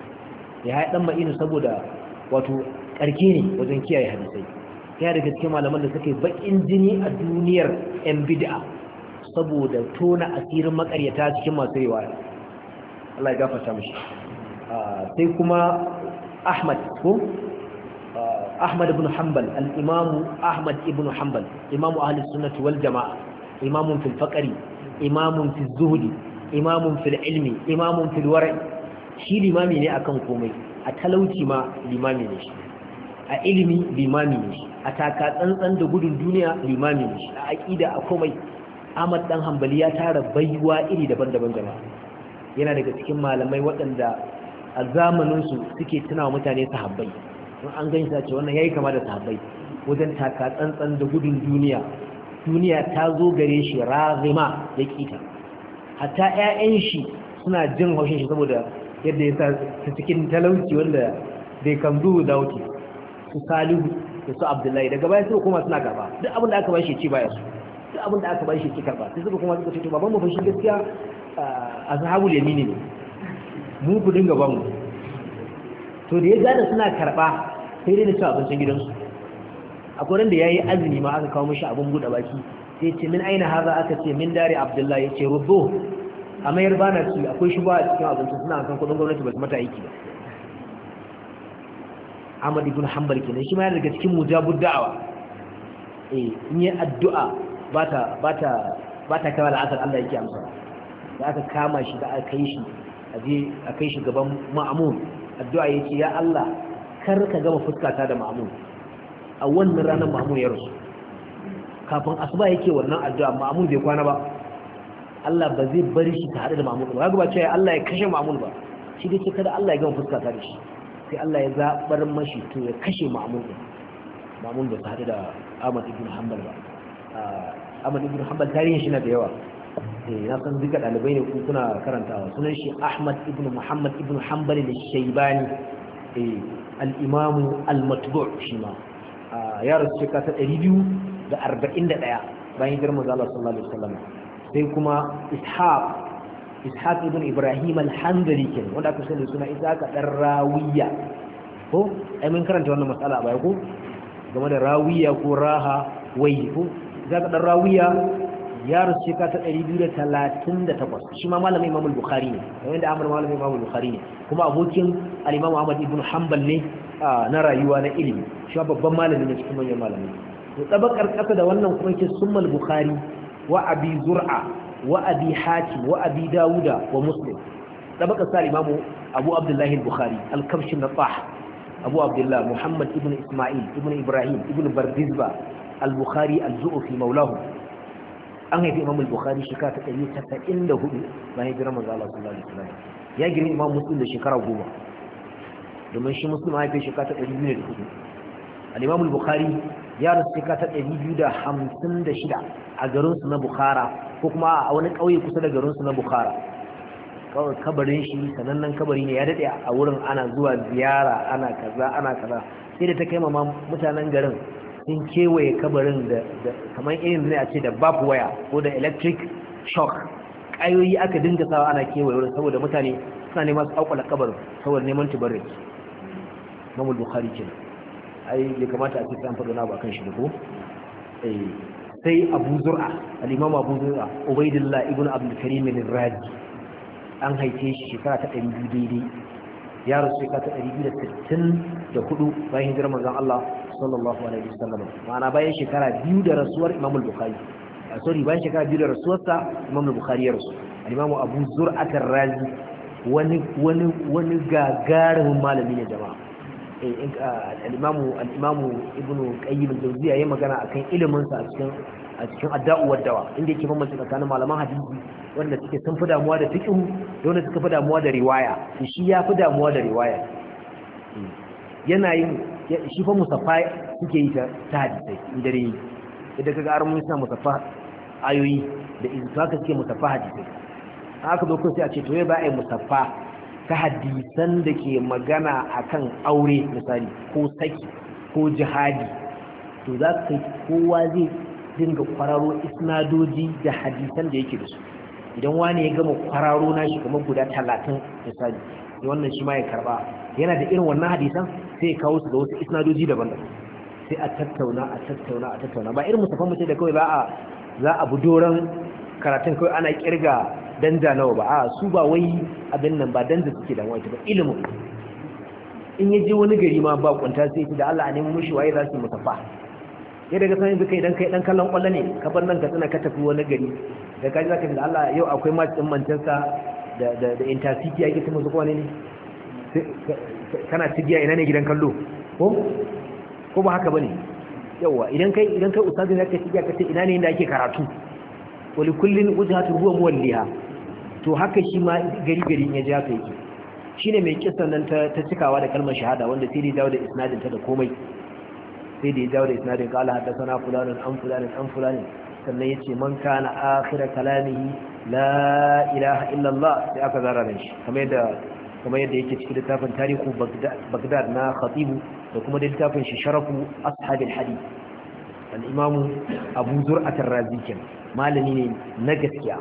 ya haɗa dan ma'inu saboda wato karke ne wajen kiyaye hadisai ya daga cikin malaman da suka yi bakin jini a duniyar yan bid'a saboda tona asirin makaryata cikin masu yawa Allah ya gafarta mishi ah, sai kuma Ahmad ko ahmad ibn hanbal al-imam ahmad ibn hanbal imam ahli sunnati wal jamaa imam fil faqri imam fil zuhdi imam fil ilmi imam fil wara'i shi limami ne akan komai a talauci ma limami ne shi a ilimi limami ne shi a taka tsantsan da gudun duniya limami ne shi a aqida a komai Ahmad dan Hanbali ya tara baiwa iri daban-daban jama'a yana daga cikin malamai waɗanda a zamaninsu suke tunawa mutane sahabbai in an gan shi ce wannan yi kama da sahabbai wajen taka tsantsan da gudun duniya duniya ta zo gare shi razima ya kita hatta ƴaƴan shi suna jin haushin shi saboda yadda ya sa cikin talauci wanda bai kan do da wuce su salihu da su abdullahi daga bayan suka koma suna karba duk abin da aka bashi ci baya su duk abin da aka bashi ci karba sai suka koma suka ce to baban mu fashi gaskiya a ah, azhabul yamini ne mu ku dinga bamu to da ya gane suna karɓa sai dai da ci abincin gidansu a kurin da ya yi azumi ma aka kawo mashi abin buɗe baki sai ce min aina haza aka ce min dare abdullahi ya ce rubbo a mayar bana ci akwai shi ba a cikin abincin suna kan kudin gwamnati ba su mata aiki ba amma ibn hanbal kenan shi ma yana daga cikin mujabud da'awa eh in yi addu'a ba ta ba ta ba ta kawo Allah yake amsa da aka kama shi da aka kai shi a je a kai shi gaban ma'amun addu'a yake ya Allah kar ka gama fuskata da ma'amun a wannan ranar ma'amun ya rasu kafin asuba yake wannan addu'a ma'amun bai kwana ba Allah ba zai bari shi ta hada da ma'amun ba ga cewa Allah ya kashe ma'amun ba shi dai ce kada Allah ya gama fuskata da shi sai Allah ya zabar mashi to ya kashe ma'amun ba ma'amun ba ta hada da Ahmad ibn Hanbal ba ah, Ahmad ibn Hanbal tarihin shi na da yawa Eh, na san duka dalibai ne ku kuna karantawa sunan shi ahmad ibn muhammad ibn hanbali da shaibani eh, al'imamu al-matbu shi ma ah, ya rasu shekara ta 241 bayan girma zala sallallahu alaihi wasallam sai kuma ishaq ishaq ibn ibrahim al-hanbali ke wanda aka sani suna ishaq dan rawiya ko ai mun karanta wannan matsala a baya ko game da rawiya ko raha wai ko ishaq dan rawiya ya rasu shekara ta 238 shi ma malamin imamul bukhari ne kamar da amur malamin imamul bukhari ne kuma abokin al'imamu ahmad ibn hanbal ne na rayuwa na ilimi shi ma babban malami ne cikin manyan malami to tabakar kasa da wannan kuma yake summal bukhari wa abi zur'a wa abi hatim wa abi dawuda wa muslim tabakar sa imamu abu abdullahi al-bukhari al-kamshi na tsah abu abdullah muhammad ibn isma'il ibn ibrahim ibn bardizba al-bukhari al-zu'fi maulahu an haifi imam al-bukhari shekara ta ɗari casa'in da hudu bayan jiran manzo Allah sallallahu alaihi wasallam ya girmi imam muslim da shekara goma domin shi muslim ya haife shekara ta ɗari biyu da hudu al-imam al-bukhari ya rasu shekara ta ɗari biyu da hamsin da shida a garinsu na bukhara ko kuma a wani ƙauye kusa da garinsu na bukhara kabarin shi sanannen kabari ne ya daɗe a wurin ana zuwa ziyara ana kaza ana kaza sai da ta kai mutanen garin sun kewaye kabarin da kamar irin zai a ce da bab waya ko da electric shock ƙayoyi aka dinga sawa ana kewaye wurin saboda mutane suna neman su aukwala kabarin saboda neman tubarin mamul bukhari kenan ai ya kamata a ce an faɗo na ba kan shi da ko eh, sai abu zur'a al-imam abu zur'a ubaidillah ibn abdul karim al-razi an haife shi shekara ta ɗari biyu daidai ya rasu shekara ta ɗari biyu da da sittin 264 bayan hijirar manzon Allah sallallahu alaihi wasallam ma'ana bayan shekara biyu da rasuwar Imam al-Bukhari ah, sorry bayan shekara biyu da rasuwarsa Imam al-Bukhari ya rasu imam Abu Zur'at ar-Razi wani wani wani gagarumin malami ne jama'a eh al-Imam ah, al-Imam Ibn Qayyim al-Jawziyya yayin magana akan ilimin sa a cikin a cikin adda'u waddawa inda yake bambanta tsakanin malaman hadisi wanda suke sun fi damuwa da fiqh da wanda suka fi damuwa da riwaya shi ya fi damuwa da riwaya hmm. yana yin shi fa musaffa suke yi ta hadisai in dare yi idan kaga mun suna musaffa ayoyi da ka suke musaffa hadisai aka zo kun sai a ce to ba ai musaffa ta hadisan da ke magana akan aure misali ko saki ko jihadi to za ka kowa zai dinga kwararo isnadoji da hadisan da yake da su idan wani ya gama kwararo na shi kamar guda talatin misali wannan shi ma ya karba yana da irin wannan hadisan sai ya kawo su da wasu isnadoji daban sai a tattauna a tattauna a tattauna ba irin musafan mutum da kawai ba a za a budoran karatun kawai ana kirga danja nawa ba a su ba wai abin nan ba danja suke da wata ba ilimin in ya je wani gari ma ba kwanta sai da Allah a nemi mushi waye za su musafa yadda daga sanin duka idan kai dan kallon kwallo ne ka bar nan ka tsina ka tafi wani gari da kaji zaka da Allah yau akwai match din Manchester da intercity ake cin musu kowane ne kana cigiya ina ne gidan kallo ko ko ba haka bane yawa idan kai idan kai ustazi ne kake cigiya kace ina ne inda ake karatu wali kullin wajhatu huwa muwalliha to haka shi ma gari gari ya ji haka yake shine mai kissan nan ta cikawa da kalmar shahada wanda sai da dawo da isnadin ta da komai sai da ya dawo da isnadin hadda sana fulanin an fulanin an fulanin sannan yace man kana akhira kalamihi la ilaha illallah sai aka zara da shi kamar yadda kamar yadda yake cikin littafin tarihu bagdad na khatibu da kuma littafin shi sharafu ashabil hadi al abu zur'a malami ne na gaskiya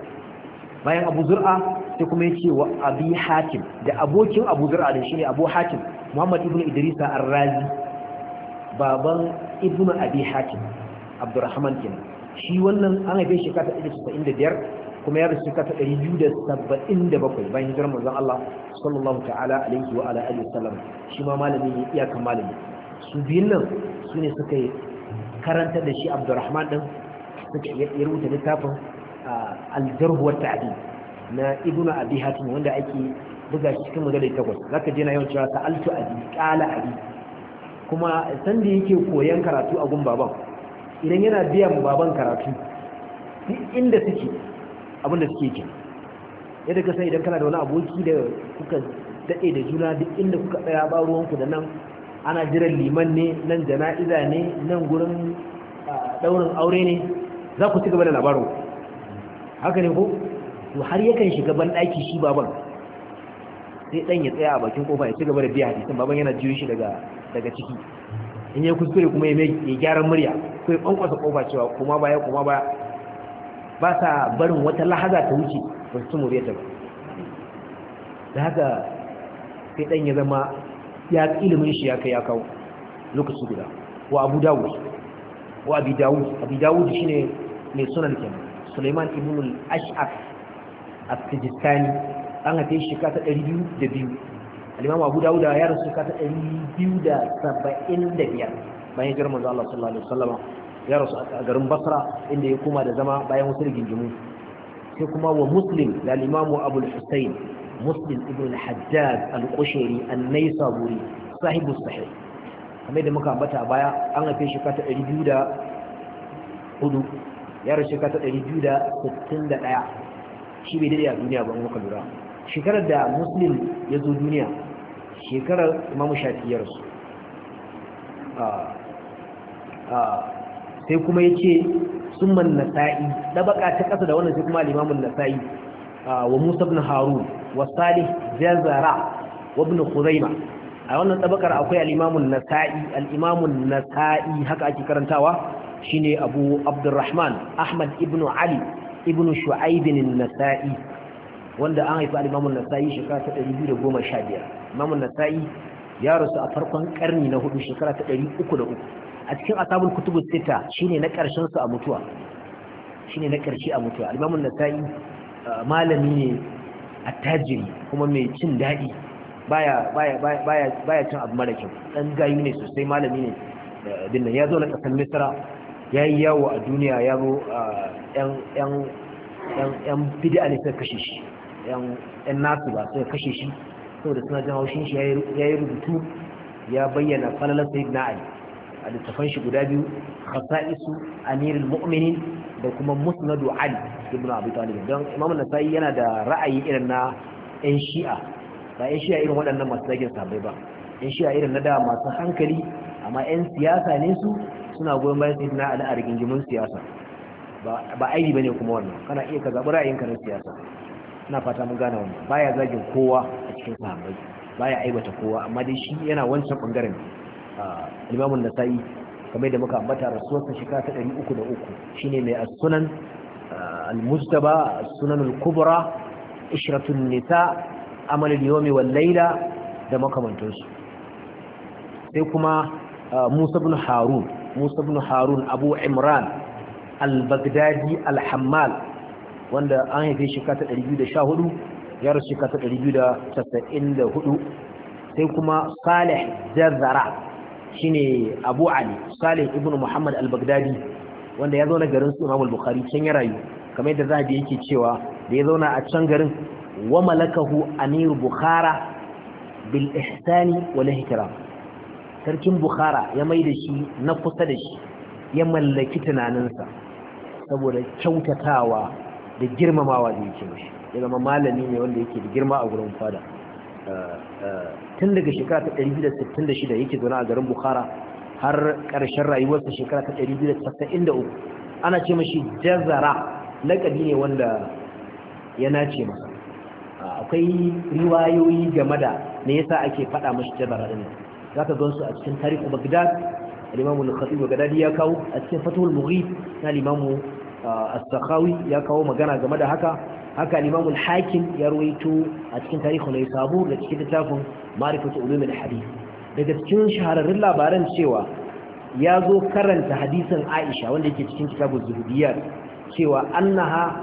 bayan abu zur'a sai kuma ce wa abi hakim da abokin abu zur'a din shine abu hakim muhammad ibnu idrisa ar-razi baban ibnu abi hakim abdurrahman kenan shi wannan an haife shi da 1975 kuma ya rasu kata 277 bayan hijirar manzon Allah sallallahu ta'ala alaihi wa ala alihi wasallam shi ma malami ne iyakan malami su biyun nan su ne suka karanta da shi Abdurrahman din suka yi rubuta littafin aljarhu jarh wa ta'dil na ibnu abi hatim wanda ake buga shi cikin majalai takwas zaka je na yawan cewa sa'altu abi qala abi kuma sanda yake koyan karatu a gun baban idan yana biyan baban karatu duk inda suke abinda suke ke ya daga sai idan kana da wani aboki da kuka daɗe da juna duk inda kuka tsaya ba ruwanku da nan ana jiran liman ne nan jana'iza ne nan gurin ɗaurin aure ne za ku ci gaba da labaru. haka ne ko to har yakan shiga ban ɗaki shi baban sai ɗan ya tsaya a bakin kofa ya ci gaba da biya hadisin baban yana jiyo shi daga ciki in ya kuskure kuma ya gyaran murya ko ya kwankwasa kofa cewa kuma baya kuma baya ba sa barin wata lahaza ta wuce ba su more ta ba da haka sai dan ya zama ya ilimin shi ya kai ya kawo lokaci guda wa abu dawud wa abi dawud abi dawud shine mai sunan kenan Suleiman ibn al-Ash'af al-Sijistani an haife shi ka ta 202 al-Imam Abu Dawud ya rasu ka ta 275 bayan girman Allah sallallahu alaihi wasallam ya rasu a garin basra inda ya koma da zama bayan wasu rigingimu sai kuma wa muslim da limamu abul hussein muslim ibn hajjaj al-qushayri an buri sahibu sahih kamar da muka ambata baya an haife shi kata 204 ya rasu kata 261 shi bai dade a duniya ba muka lura shekarar da muslim ya zo duniya shekarar imamu shafiyarsu. Ah, ah, sai kuma ya ce summan nasa'i ɗabaka ta ƙasa da wannan sai kuma limamin nasa'i wa musa bin harun wa salih jazara wa bin khuzaima a wannan ɗabakar akwai al'imamun nasa'i al'imamun nasa'i haka ake karantawa shine abu abdurrahman ahmad ibn ali ibn shu'aibin nasa'i wanda an haifi al'imamun nasa'i shekara ta 215 imamun nasa'i ya rasu a farkon karni na hudu shekara ta 303 a cikin asabul kutubu sita shine na ƙarshen su a mutuwa shine na ƙarshe a mutuwa Albamun imam sai uh, malami ne a tajiri kuma mai cin daɗi, baya baya cin abu mara kyau dan gayu ne sosai malami ne dinnan uh, ya zo na ƙasar misra ya yi yawo a duniya ya zo uh, yan bid'a ne suka kashe shi yan nasu ba suka kashe shi saboda suna jin haushin shi ya yi rubutu ya bayyana falalar sayyidina ali a littafan shi guda biyu khasa'isu amirul mu'minin da kuma musnadu ali ibn abi talib don imam nasai yana da ra'ayi irin na yan shi'a ba yan shi'a irin waɗannan masu zagin sabai ba yan shi'a irin na da masu hankali amma yan siyasa ne su suna goyon bayan sayyidina ali a rigingimin siyasa ba aibi ne kuma wannan kana iya ka zaɓi ra'ayinka na siyasa ina fata mun gane wannan baya zagin kowa a cikin sahabbai baya aibata kowa amma dai shi yana wancan bangaren al-Imam Sa'i nasai kamar da muka ambata rasuwarsa shekara ta 303 shine mai as-Sunan al-Mustaba as-Sunan al-Kubra ishratun nisa amal al-yawmi wal-layla da makamantansu sai kuma Musa ibn Harun Musa ibn Harun Abu Imran al-Baghdadi al-Hammal wanda an haife shekara ta 214 ya rasu shekara ta 294 sai kuma salih jazara shine Abu Ali Salih ibn Muhammad al-Baghdadi wanda ya zauna garin su Imam al-Bukhari can ya rayu kamar yadda zahabi yake cewa da ya zauna a can garin wa malakahu Amir Bukhara bil ihsani wal ihtiram sarkin Bukhara ya mai da shi na kusa da shi ya mallaki tunaninsa saboda kyautatawa da girmamawa da yake mishi ya zama malami ne wanda yake da girma a gurin fada uh, uh, tun daga shekara ta 266 yake zaune a garin bukhara har ƙarshen rayuwarsa shekara ta 293 ana ce mashi jazara laƙabi ne wanda ya nace masa akwai riwayoyi game da me yasa ake faɗa mashi jazara ɗin za ka gansu a cikin tarihu bagdad al-imamu al-khatib bagdadi ya kawo a cikin fatihul mughith na al uh, as-sakhawi ya kawo magana game da haka haka limamul hakim ya ruwaito a cikin tarihi mai sabu da cikin littafin marifatu ulumul hadith daga cikin shahararrun labaran cewa ya zo karanta hadisin Aisha wanda yake cikin kitabul zuhudiyar cewa annaha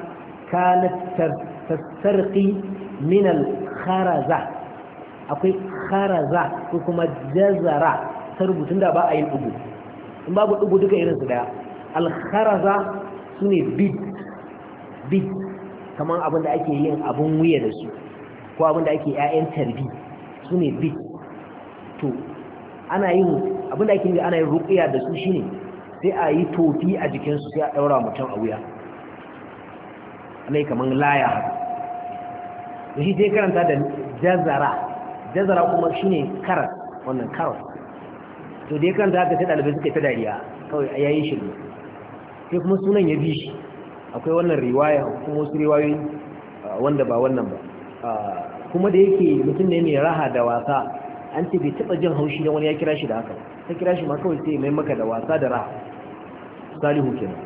kanat tasarqi min al-kharaza akwai kharaza ko kuma jazara ta rubutun da ba a yin dubu in babu ɗugu duka irin su daya al-kharaza sune bid bid kamar abin da ake yin abin wuya da su ko abin da ake 'ya'yan tarbi su ne bit to ana yin abin da ake yi ana yin rukiya da su shine sai a yi tofi a jikinsu sai a ɗaura mutum a wuya alai kamar laya da shi sai karanta da jazara jazara kuma shine karas wannan karas to dai karanta haka sai ɗalibai suka ta dariya kawai a yayin shirin sai kuma sunan ya bi shi akwai wannan riwaya kuma wasu riwayoyi wanda ba wannan ba kuma da yake mutum ne mai raha da wasa an ce bai taɓa jin haushi da wani ya kira shi da haka ta kira shi ma kawai sai mai maka da wasa da raha salihu kenan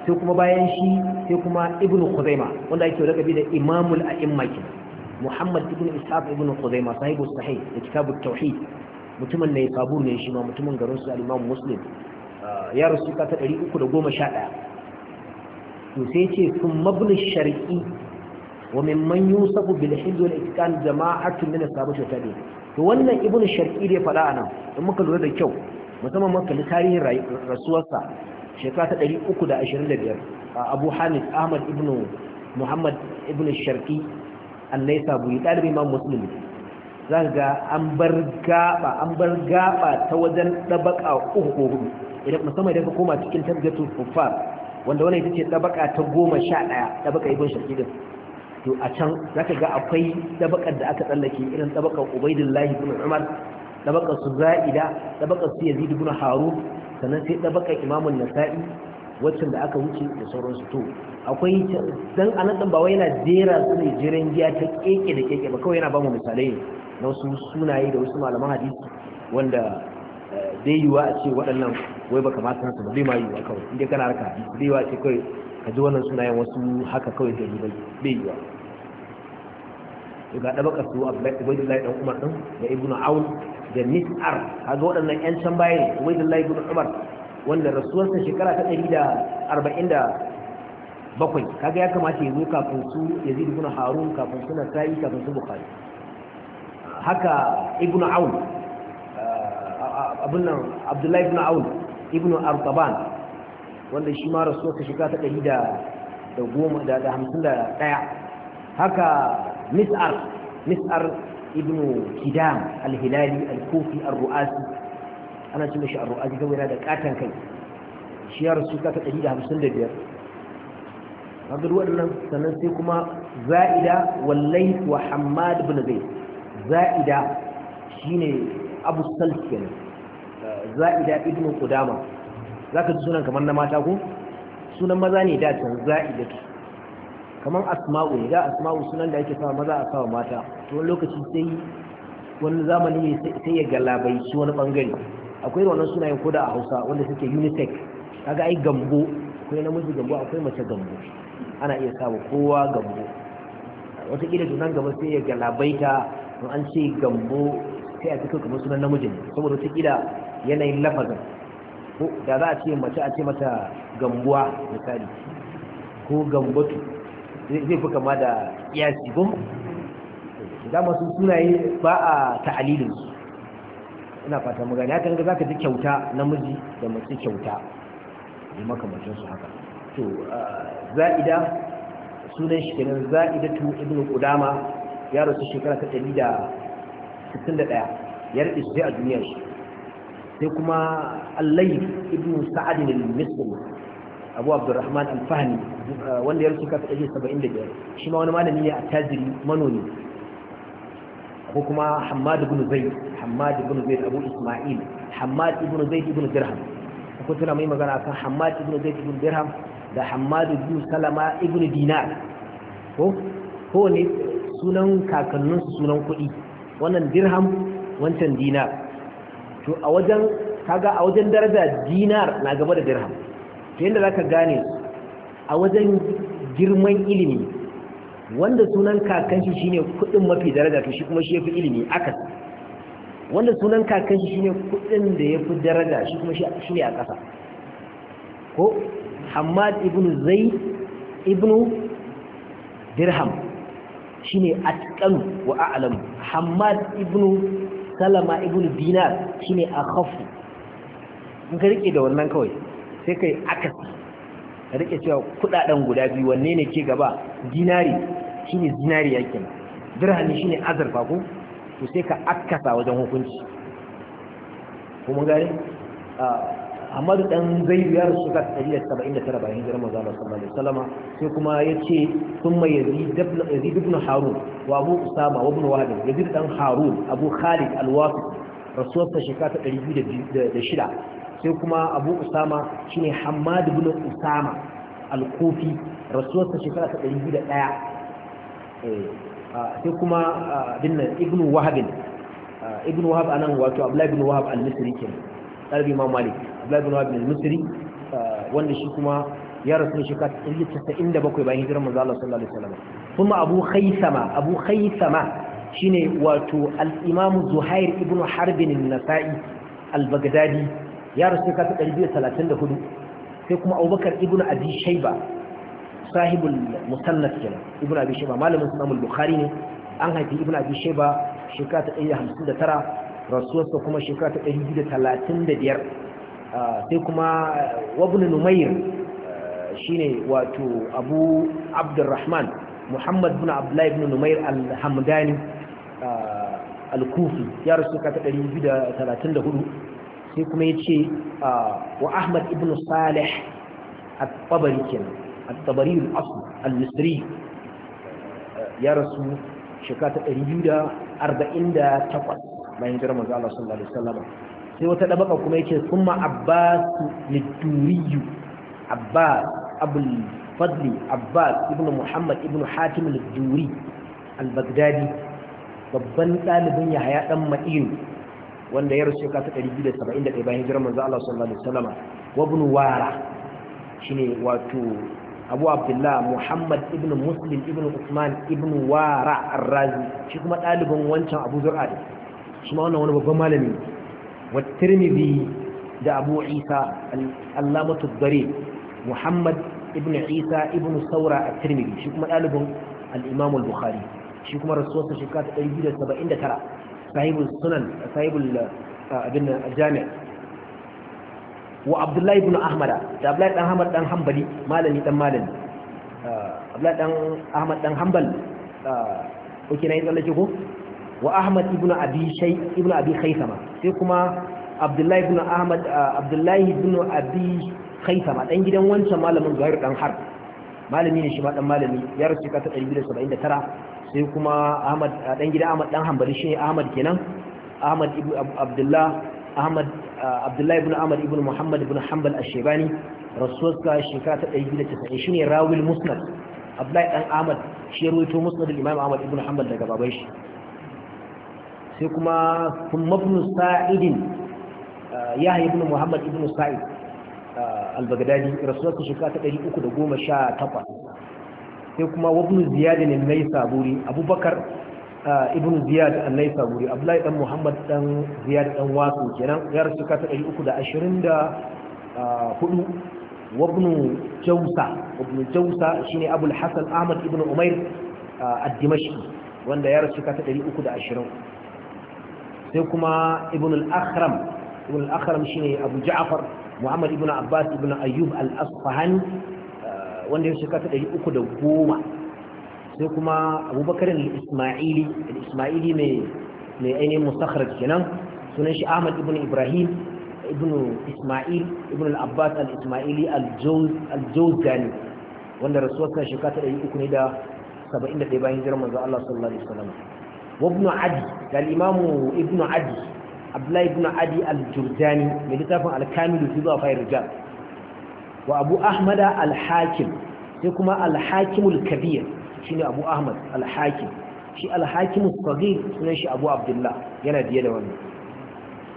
sai kuma bayan shi sai kuma ibnu khuzaima wanda ake bi da imamul a'imma muhammad ibn ishaq ibn khuzaima sahibu sahih da kitabu tauhid mutumin ne sabu ne shi ma mutumin garin su al-imam muslim ya rasu ka ta 311 to sai ce sun mabni shar'i wa mimman yusafu bil hizb wal itqan jama'atu min ashabu ne. to wannan ibnu shar'i da ya faɗa anan in muka lura da kyau musamman muka li tarihin rasuwarsa shekara ta 325 Abu Hanif Ahmad ibn Muhammad ibn Sharqi annaisa bu ɗalibi imam muslim za ga an bar gaba an bar gaba ta wajen ɗabaka uku ko hudu idan musamman idan ka koma cikin tabbatul kuffar wanda wani ita ce tabaka ta goma sha ɗaya tabaka ibn shakidin to a can za ka ga akwai tabakar da aka tsallake irin tabakar ubaidillahi ibn umar tabakar su za'ida tabakar su yazid ibn harun sannan sai tabakar imamun nasa'i waccan da aka wuce da sauransu to akwai dan anan din ba wai yana jera su ne jiran giya ta keke da keke ba kawai yana bamu mu misalai na wasu sunaye da wasu malaman hadisi wanda zai yiwuwa a ce waɗannan wai baka kamata san su ba zai ma yiwuwa kawai inda kana raka hadisi zai a ce kawai ka ji wannan sunayen wasu haka kawai da yiwuwa zai yiwa ga ɗabakar su lai ɗan umar ɗin da ibnu aun da nis'ar ka ga waɗannan ƴan can baya ne lai ibnu umar wanda rasuwarsa shekara ta ɗari da arba'in da bakwai kaga ya kamata ya zo kafin su yazid ibn harun kafin suna nasa'i kafin su bukhari haka ibnu aun abin nan abdullahi ibn aun ibn artaban wanda shi ma rasuwa ka shiga ta ɗari da goma da hamsin da ɗaya haka mis'ar mis'ar ibn kidam al-hilali al-kufi al-ru'asi ana cin shi al-ru'asi kawai yana da katon kai shi ya rasu ta ɗari da hamsin da biyar haɗar waɗannan sannan sai kuma za'ida wallai wa hamad bin zai za'ida shi ne abu salki za'ida ibn qudama zaka ji sunan kamar na mata ko sunan maza ne da can za'ida kamar asma'u ne da asma'u sunan da ake sawa maza a sawa mata to wani lokaci sai wani zamani sai ya galabai shi wani bangare akwai wannan sunayen koda a Hausa wanda suke unisex kaga ai gambo akwai namiji gambo akwai mace gambo ana iya sawa kowa gambo wata to nan gaba sai ya galabaita to an ce gambo sai a cikin kamar sunan namijin saboda kila yanayin lafazin ko da za a ce mace a ce mata gambuwa misali ko gambatu zai fi kama da kiyasi ko dama su sunaye ba a ta'alilin su ina fata mu gani hakan ga zaka ji kyauta namiji da mace kyauta ne makamacin su haka to za'ida sunan shi kenan tu ibn qudama ya rasu shekara ta 161 ya rike a duniyar shi sai kuma allai ibn sa'adin al-misri abu abdurrahman al-fahmi uh, wanda ya rasu kafa ɗaje 75 shi ma wani malami ne a tajiri manomi ko kuma hammad ibn zaid hammad ibn zaid abu isma'il hammad ibn zaid ibn dirham ko tana mai magana akan hammad ibn zaid ibn dirham da hammad ibn salama ibn dinar ko ko ne sunan kakanninsu sunan kuɗi wannan dirham wancan dinar to a wajen kaga a wajen daraja dinar na gaba da dirham to yanda zaka gane a wajen girman ilimi wanda sunan kakan shi shine kudin mafi daraja to shi kuma shi yafi ilimi akas wanda sunan kakan shi shine kudin da yafi daraja shi kuma shi ne a kasa ko Hamad ibn Zaid ibn Dirham shine atqan wa a'lam Hamad ibn salama ibn dinar shine khafu in ka rike da wannan kawai sai kai akasi ka rike cewa kudaden guda biyu wanne ne ke gaba dinari shine dinari yake dirhami shine azurfa ko to sai ka akasa wajen hukunci kuma gare ah, Ahmadu dan Zaidu ya rasu ka 179 bayan hijirar manzo Allah sallallahu alaihi wasallam sai kuma yace thumma Yazid ibn Yazid ibn Harun wa Abu Usama wa ibn Wahab Yazid dan Harun Abu Khalid al-Wafi rasuwar ta shekara 206 sai kuma Abu Usama shine Hammad ibn Usama al-Kufi rasuwar ta shekara 201 eh, sai kuma dinnan Ibn Wahab Ibn Wahab anan wato Abdullah ibn Wahab al-Misri kenan ɗalibin Imam Malik abdullahi bin wahab al-misri uh, wanda shi kuma ya rasu ne shekara 97 bayan hijirar manzo Allah sallallahu alaihi wasallam kuma abu khaisama abu khaisama shine wato al-imam zuhair ibn harb an-nasa'i al-baghdadi ya rasu shekara 234 sai kuma abubakar ibn abi shayba sahibul musannaf kenan ibn abi shayba malamin sunan al-bukhari ne an haifi ibn abi shayba shekara 159 rasuwarsa kuma shekara 235 sai kuma wabin numair ne wato abu abdurrahman muhammad bin abdullahi bin numair al-hamdani al-kufi ya rasu kata 234 sai kuma ya ce wa ahmad ibn salih al-tabari kenan al al misri ya rasu shekata 248 bayan jiran manzo Allah sallallahu alaihi wasallam sai wata dabaka kuma yake kuma abbas liduriyu abbas abul fadli abbas ibn muhammad ibn hatim liduri al-baghdadi babban ɗalibin haya dan ma'in wanda ya rushe kasa 271 bayan hijirar manzo Allah sallallahu alaihi wasallam wa ibn wara shine wato Abu Abdullah Muhammad ibn Muslim ibn Usman ibn Wara Ar-Razi shi kuma ɗalibin wancan Abu Zur'a ne shi ma wannan wani babban malami wa tirmidhi da abu isa allamatu dare muhammad ibn isa ibn saura a tirmidhi shi kuma ɗalibin al bukhari shi kuma rasuwarsa shekara ta 279 sahibul sunan sahibul abin wa abdullahi ibn ahmada da abdullahi dan ahmad dan hanbali malami dan malami abdullahi dan ahmad dan hanbal na ko wa ahmad ibn abi shay ibn abi khaisama sai kuma abdullahi ibn ahmad abdullahi ibn abi khaisama dan gidan wancan malamin zuhair dan har malami ne shi ma dan malami ya rasu ka ta 279 sai kuma ahmad dan gidan ahmad dan hanbali shi ahmad kenan ahmad ibn abdullah ahmad abdullahi ibn ahmad ibn muhammad ibn hanbal ash-shaybani rasuwarsa shekara ta 290 shine rawil musnad abdullahi dan ahmad shi ya rawaito musnad al-imam ahmad ibn hanbal daga baban shi sai kuma kuma eh, ibn sa'idin ya haifi na muhammad ibn sa'id eh, al-baghdadi rasuwar ta shekara ta 318 sai kuma ibn ziyad ne mai saburi abubakar eh, ibn ziyad annai saburi abdullahi dan muhammad dan ziyad dan wasu kenan ya rasu ka ta 324 وابن جوسة وابن جوسة شيني أبو الحسن أحمد ابن عمير الدمشقي وأن يرسل كاتب أكد عشرون sai kuma ibn al akram ibn al-akhram shine abu ja'far muhammad ibn abbas ibn ayyub al-asfahani eh, wanda ya shekara goma sai kuma abubakar al-isma'ili al-isma'ili mai mai ainihin mustakhraj kenan sunan shi ahmad ibn ibrahim ibn isma'il ibn al-abbas al-isma'ili al-jawzani wanda rasuwarsa shekara 371 bayan hijirar manzo Allah sallallahu alaihi wasallam وابن عدي قال الإمام ابن عدي عبد الله بن عدي الجرجاني من لتافع الكامل في ضعفاء الرجال وأبو أحمد الحاكم يكما الحاكم الكبير شنو أبو أحمد الحاكم شي الحاكم الصغير سنة شي أبو عبد الله ينا دي يدوان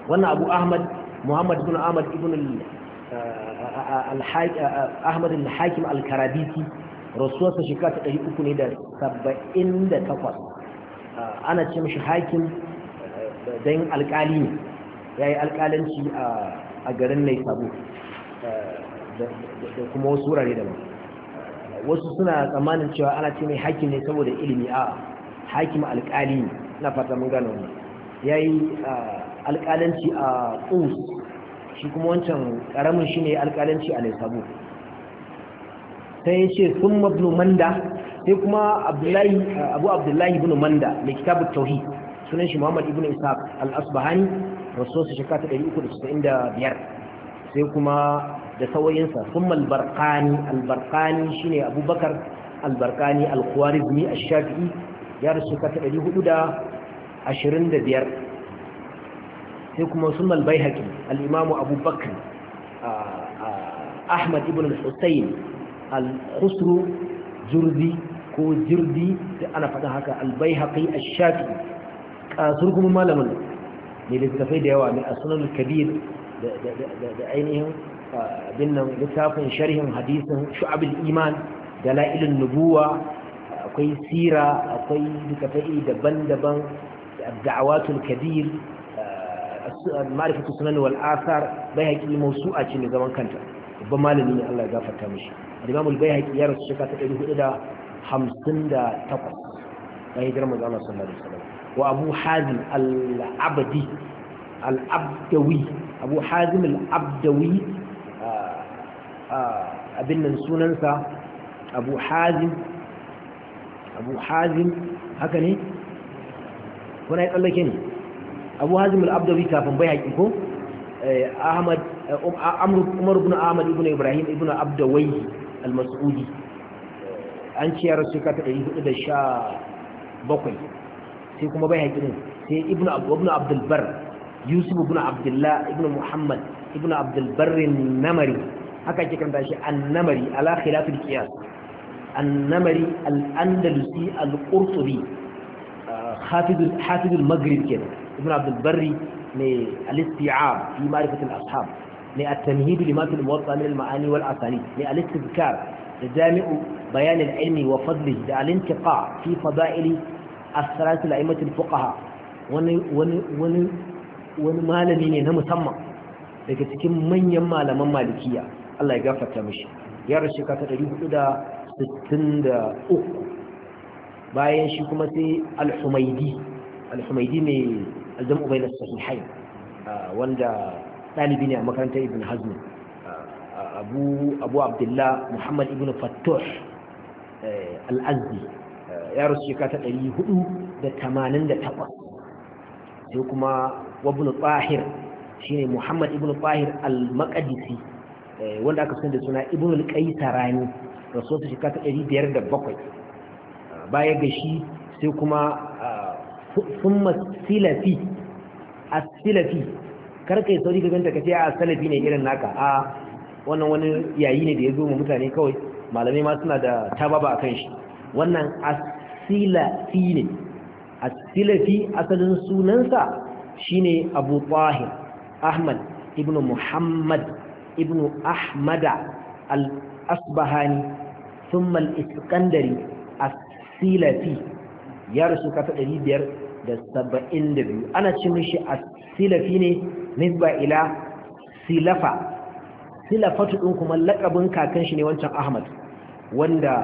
وانا أبو أحمد محمد بن أحمد ابن أحمد الحاكم الكرابيتي رسوة شكات أي أكون هذا سبعين دكفر ana ce mashi hakim dan alkali ne ya yi alkalanci a garin mai sabo da kuma wasu wurare ba wasu suna tsammanin cewa ana ce mai hakim ne saboda ilimi a hakim alkali ne na fata mun gano ne ya yi alkalanci a kus shi kuma wancan karamin shi ne alkalanci a mai sabo sai ya ce sun mabnu manda sai kuma abu abdullahi ibn manda mai kitabu tauhi sunan shi muhammad ibn ishaq al-asbahani rasuwarsa shekara ta 395 sai kuma da sauyinsa sun malbarkani albarkani shi ne abubakar albarkani alkwarizmi a shafi'i ya rasu shekara ta 425 sai kuma sun malbai haƙi al'imamu abubakar ahmad ibn al-hussein al-khusru jurzi ko jirdi da ana faɗin haka albai haƙi a shafi ƙasar kuma malamin ne littafai da yawa mai asunan kabir da ainihin abin nan littafin sharhin hadisin shu'abul iman da la'ilin nubuwa akwai sira akwai littafai daban-daban da'awatul kabir ma'rifatu sunan wal asar bai haƙi mawsu'a ce mai zaman kanta babban malami ne Allah ya gafarta mishi al-imam al-bayhaqi ya rasu shekara ta hamsin da takwas na hijirar manzo Allah sallallahu alaihi wasallam wa Abu Hazim al-Abdi al-Abdawi Abu Hazim al-Abdawi abin nan sunansa Abu Hazim Abu Hazim haka ne kuna yi tsallake ne Abu Hazim al-Abdawi kafin bai haƙi ko eh, Ahmad eh, Umar ibn Ahmad ibn Ibrahim ibn Abdawi al-Mas'udi an ce ya rasu sha 417 sai kuma bai haƙi sai ibn abdul abdulbar yusuf ibn abdullah ibn muhammad ibn abdulbar namari haka ke kanta shi annamari ala khilafin qiyas annamari al-andalusi al-qurtubi hafidul maghrib kenan ibn abdulbar ne al-isti'ab fi ma'rifatil ashab ne at-tamhid lima fil muwatta min al-ma'ani wal asani ne al-istizkar da jami'u بيان العلم وفضله ده الانتقاء في فضائل الثلاثة الأئمة الفقهاء wani malami ne na musamman daga cikin manyan malaman malikiya Allah ya gafarta mishi ya rashe kata 463 bayan shi kuma sai al-humaidi al-humaidi ne al-jam'u bayna sahihain wanda dalibi ne a makarantar ibn hazm abu abu abdullah muhammad ibn fattuh Eh, al'azzi eh, ya rasu shekara ta ɗari hudu da tamanin da takwas sai kuma wabin tsahir shine muhammad ibn tsahir al-makadisi eh, wanda aka sani da suna ibn al-qaisa rani rasu ta shekara ta ɗari biyar da bakwai baya ga shi sai kuma summa silafi a silafi karkai sauri ka ganta ka ce a ah, salafi ne irin naka a ah, wannan wani yayi ne da ya zo ma mutane kawai malamai ma suna da tababa akan shi wannan asilafi ne asilafi asalin sunansa shine abu tahir ahmad ibnu muhammad ibnu ahmada al-asbahani thumma iskandari asilafi ya rasu kata 572 ana ce mishi asilafi ne nisba ila silafa silafatu ɗin kuma laƙabin kakan shi ne wancan ahmad wanda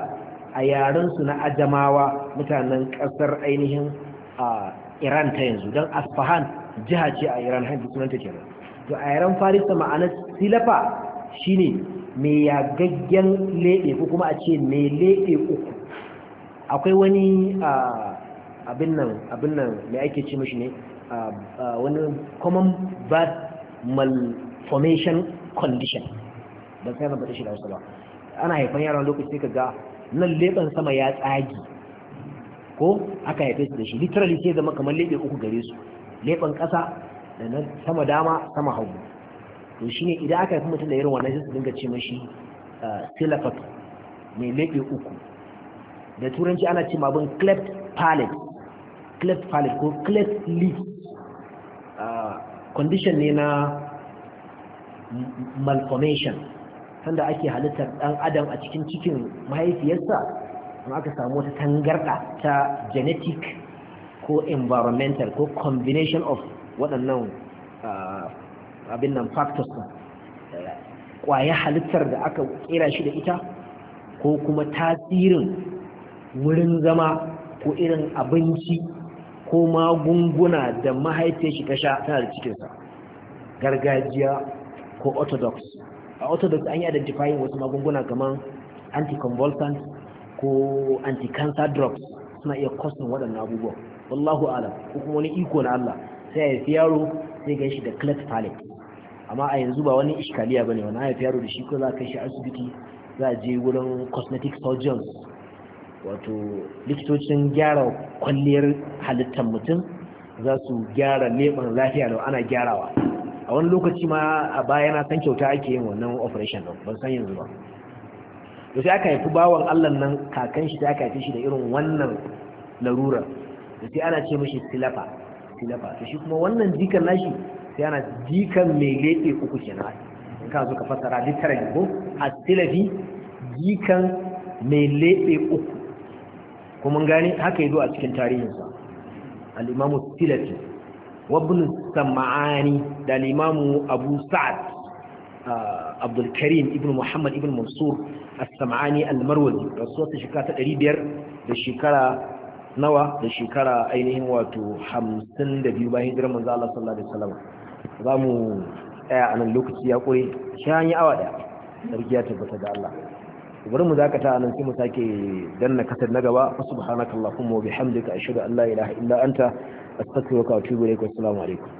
a yarensu na ajamawa mutanen ƙasar ainihin a iran ta yanzu don asfahan jiha ce a iran haifu sunanta nan to a yaren farisa ma'ana silafa shine mai yagaggen leɗe ko kuma a ce mai leɗe uku akwai wani abin nan abin nan mai ake ce mashi ne wani common bad malformation condition Don sai na faɗi shi da wasu ba ana haifan yara lokaci ka ga nan leɓen sama ya tsagi ko aka haife su da shi literally sai zama kamar lebe uku gare su leban ƙasa da nan sama dama sama hagu to shine idan aka haifi mutum da irin wannan sai su dinga ce mashi eh, silafatu mai lebe uku da turanci ana ce abin cleft palate cleft palate ko cleft leaf eh, condition ne na malformation sanda ake halittar ɗan adam a cikin cikin mahaifiyarsa in aka samu wata tangarɗa ta genetic ko environmental ko combination of waɗannan ah, abin nan factors eh, ƙwaya halittar da aka ƙera shi da ita ko kuma tasirin wurin zama ko irin abinci ko magunguna da mahaifiyar shi ta sha tana da cikinsa gargajiya ko orthodox a orthodox an yi identifying wasu magunguna kamar anti anti-convulsant ko anti-cancer drugs suna iya kosin waɗannan abubuwan wallahu alam ko kuma wani iko na Allah sai ya haifi yaro sai gan shi da cleft palate amma a yanzu ba wani iskaliya ne wani haifi yaro da shi ko za a kai shi asibiti za a je wurin cosmetic surgeons wato likitocin gyara kwalliyar halittar mutum za su gyara leɓen lafiya da ana gyarawa a wani lokaci ma a baya na san kyauta ake yin wannan operation din ban san yanzu ba to sai aka haifi bawan Allah nan kakan shi ta aka haife shi da irin wannan larura da sai ana ce mishi silafa silafa to shi kuma wannan jikan nashi sai ana jikan mai leɓe uku kenan in ka zo ka fassara literally tara ne ko jikan mai leɓe uku kuma gani haka yazo a cikin tarihinsa al-imamu silafi wabin sama'ani da limamu abu sa'ad abdulkarim ibn muhammad ibn mansur A samaani al-marwazi ta shekara ta biyar da shekara nawa da shekara ainihin wato 52 bayan hijirar manzo Allah sallallahu alaihi salama. za mu tsaya a nan lokaci ya kure shi awa daya sarki ya tabbata da Allah bari mu zakata anan sai mu sake danna kasar na gaba fa subhanakallahumma wa bihamdika ashhadu an la ilaha illa anta astaghfiruka wa atubu ilaik wa assalamu alaikum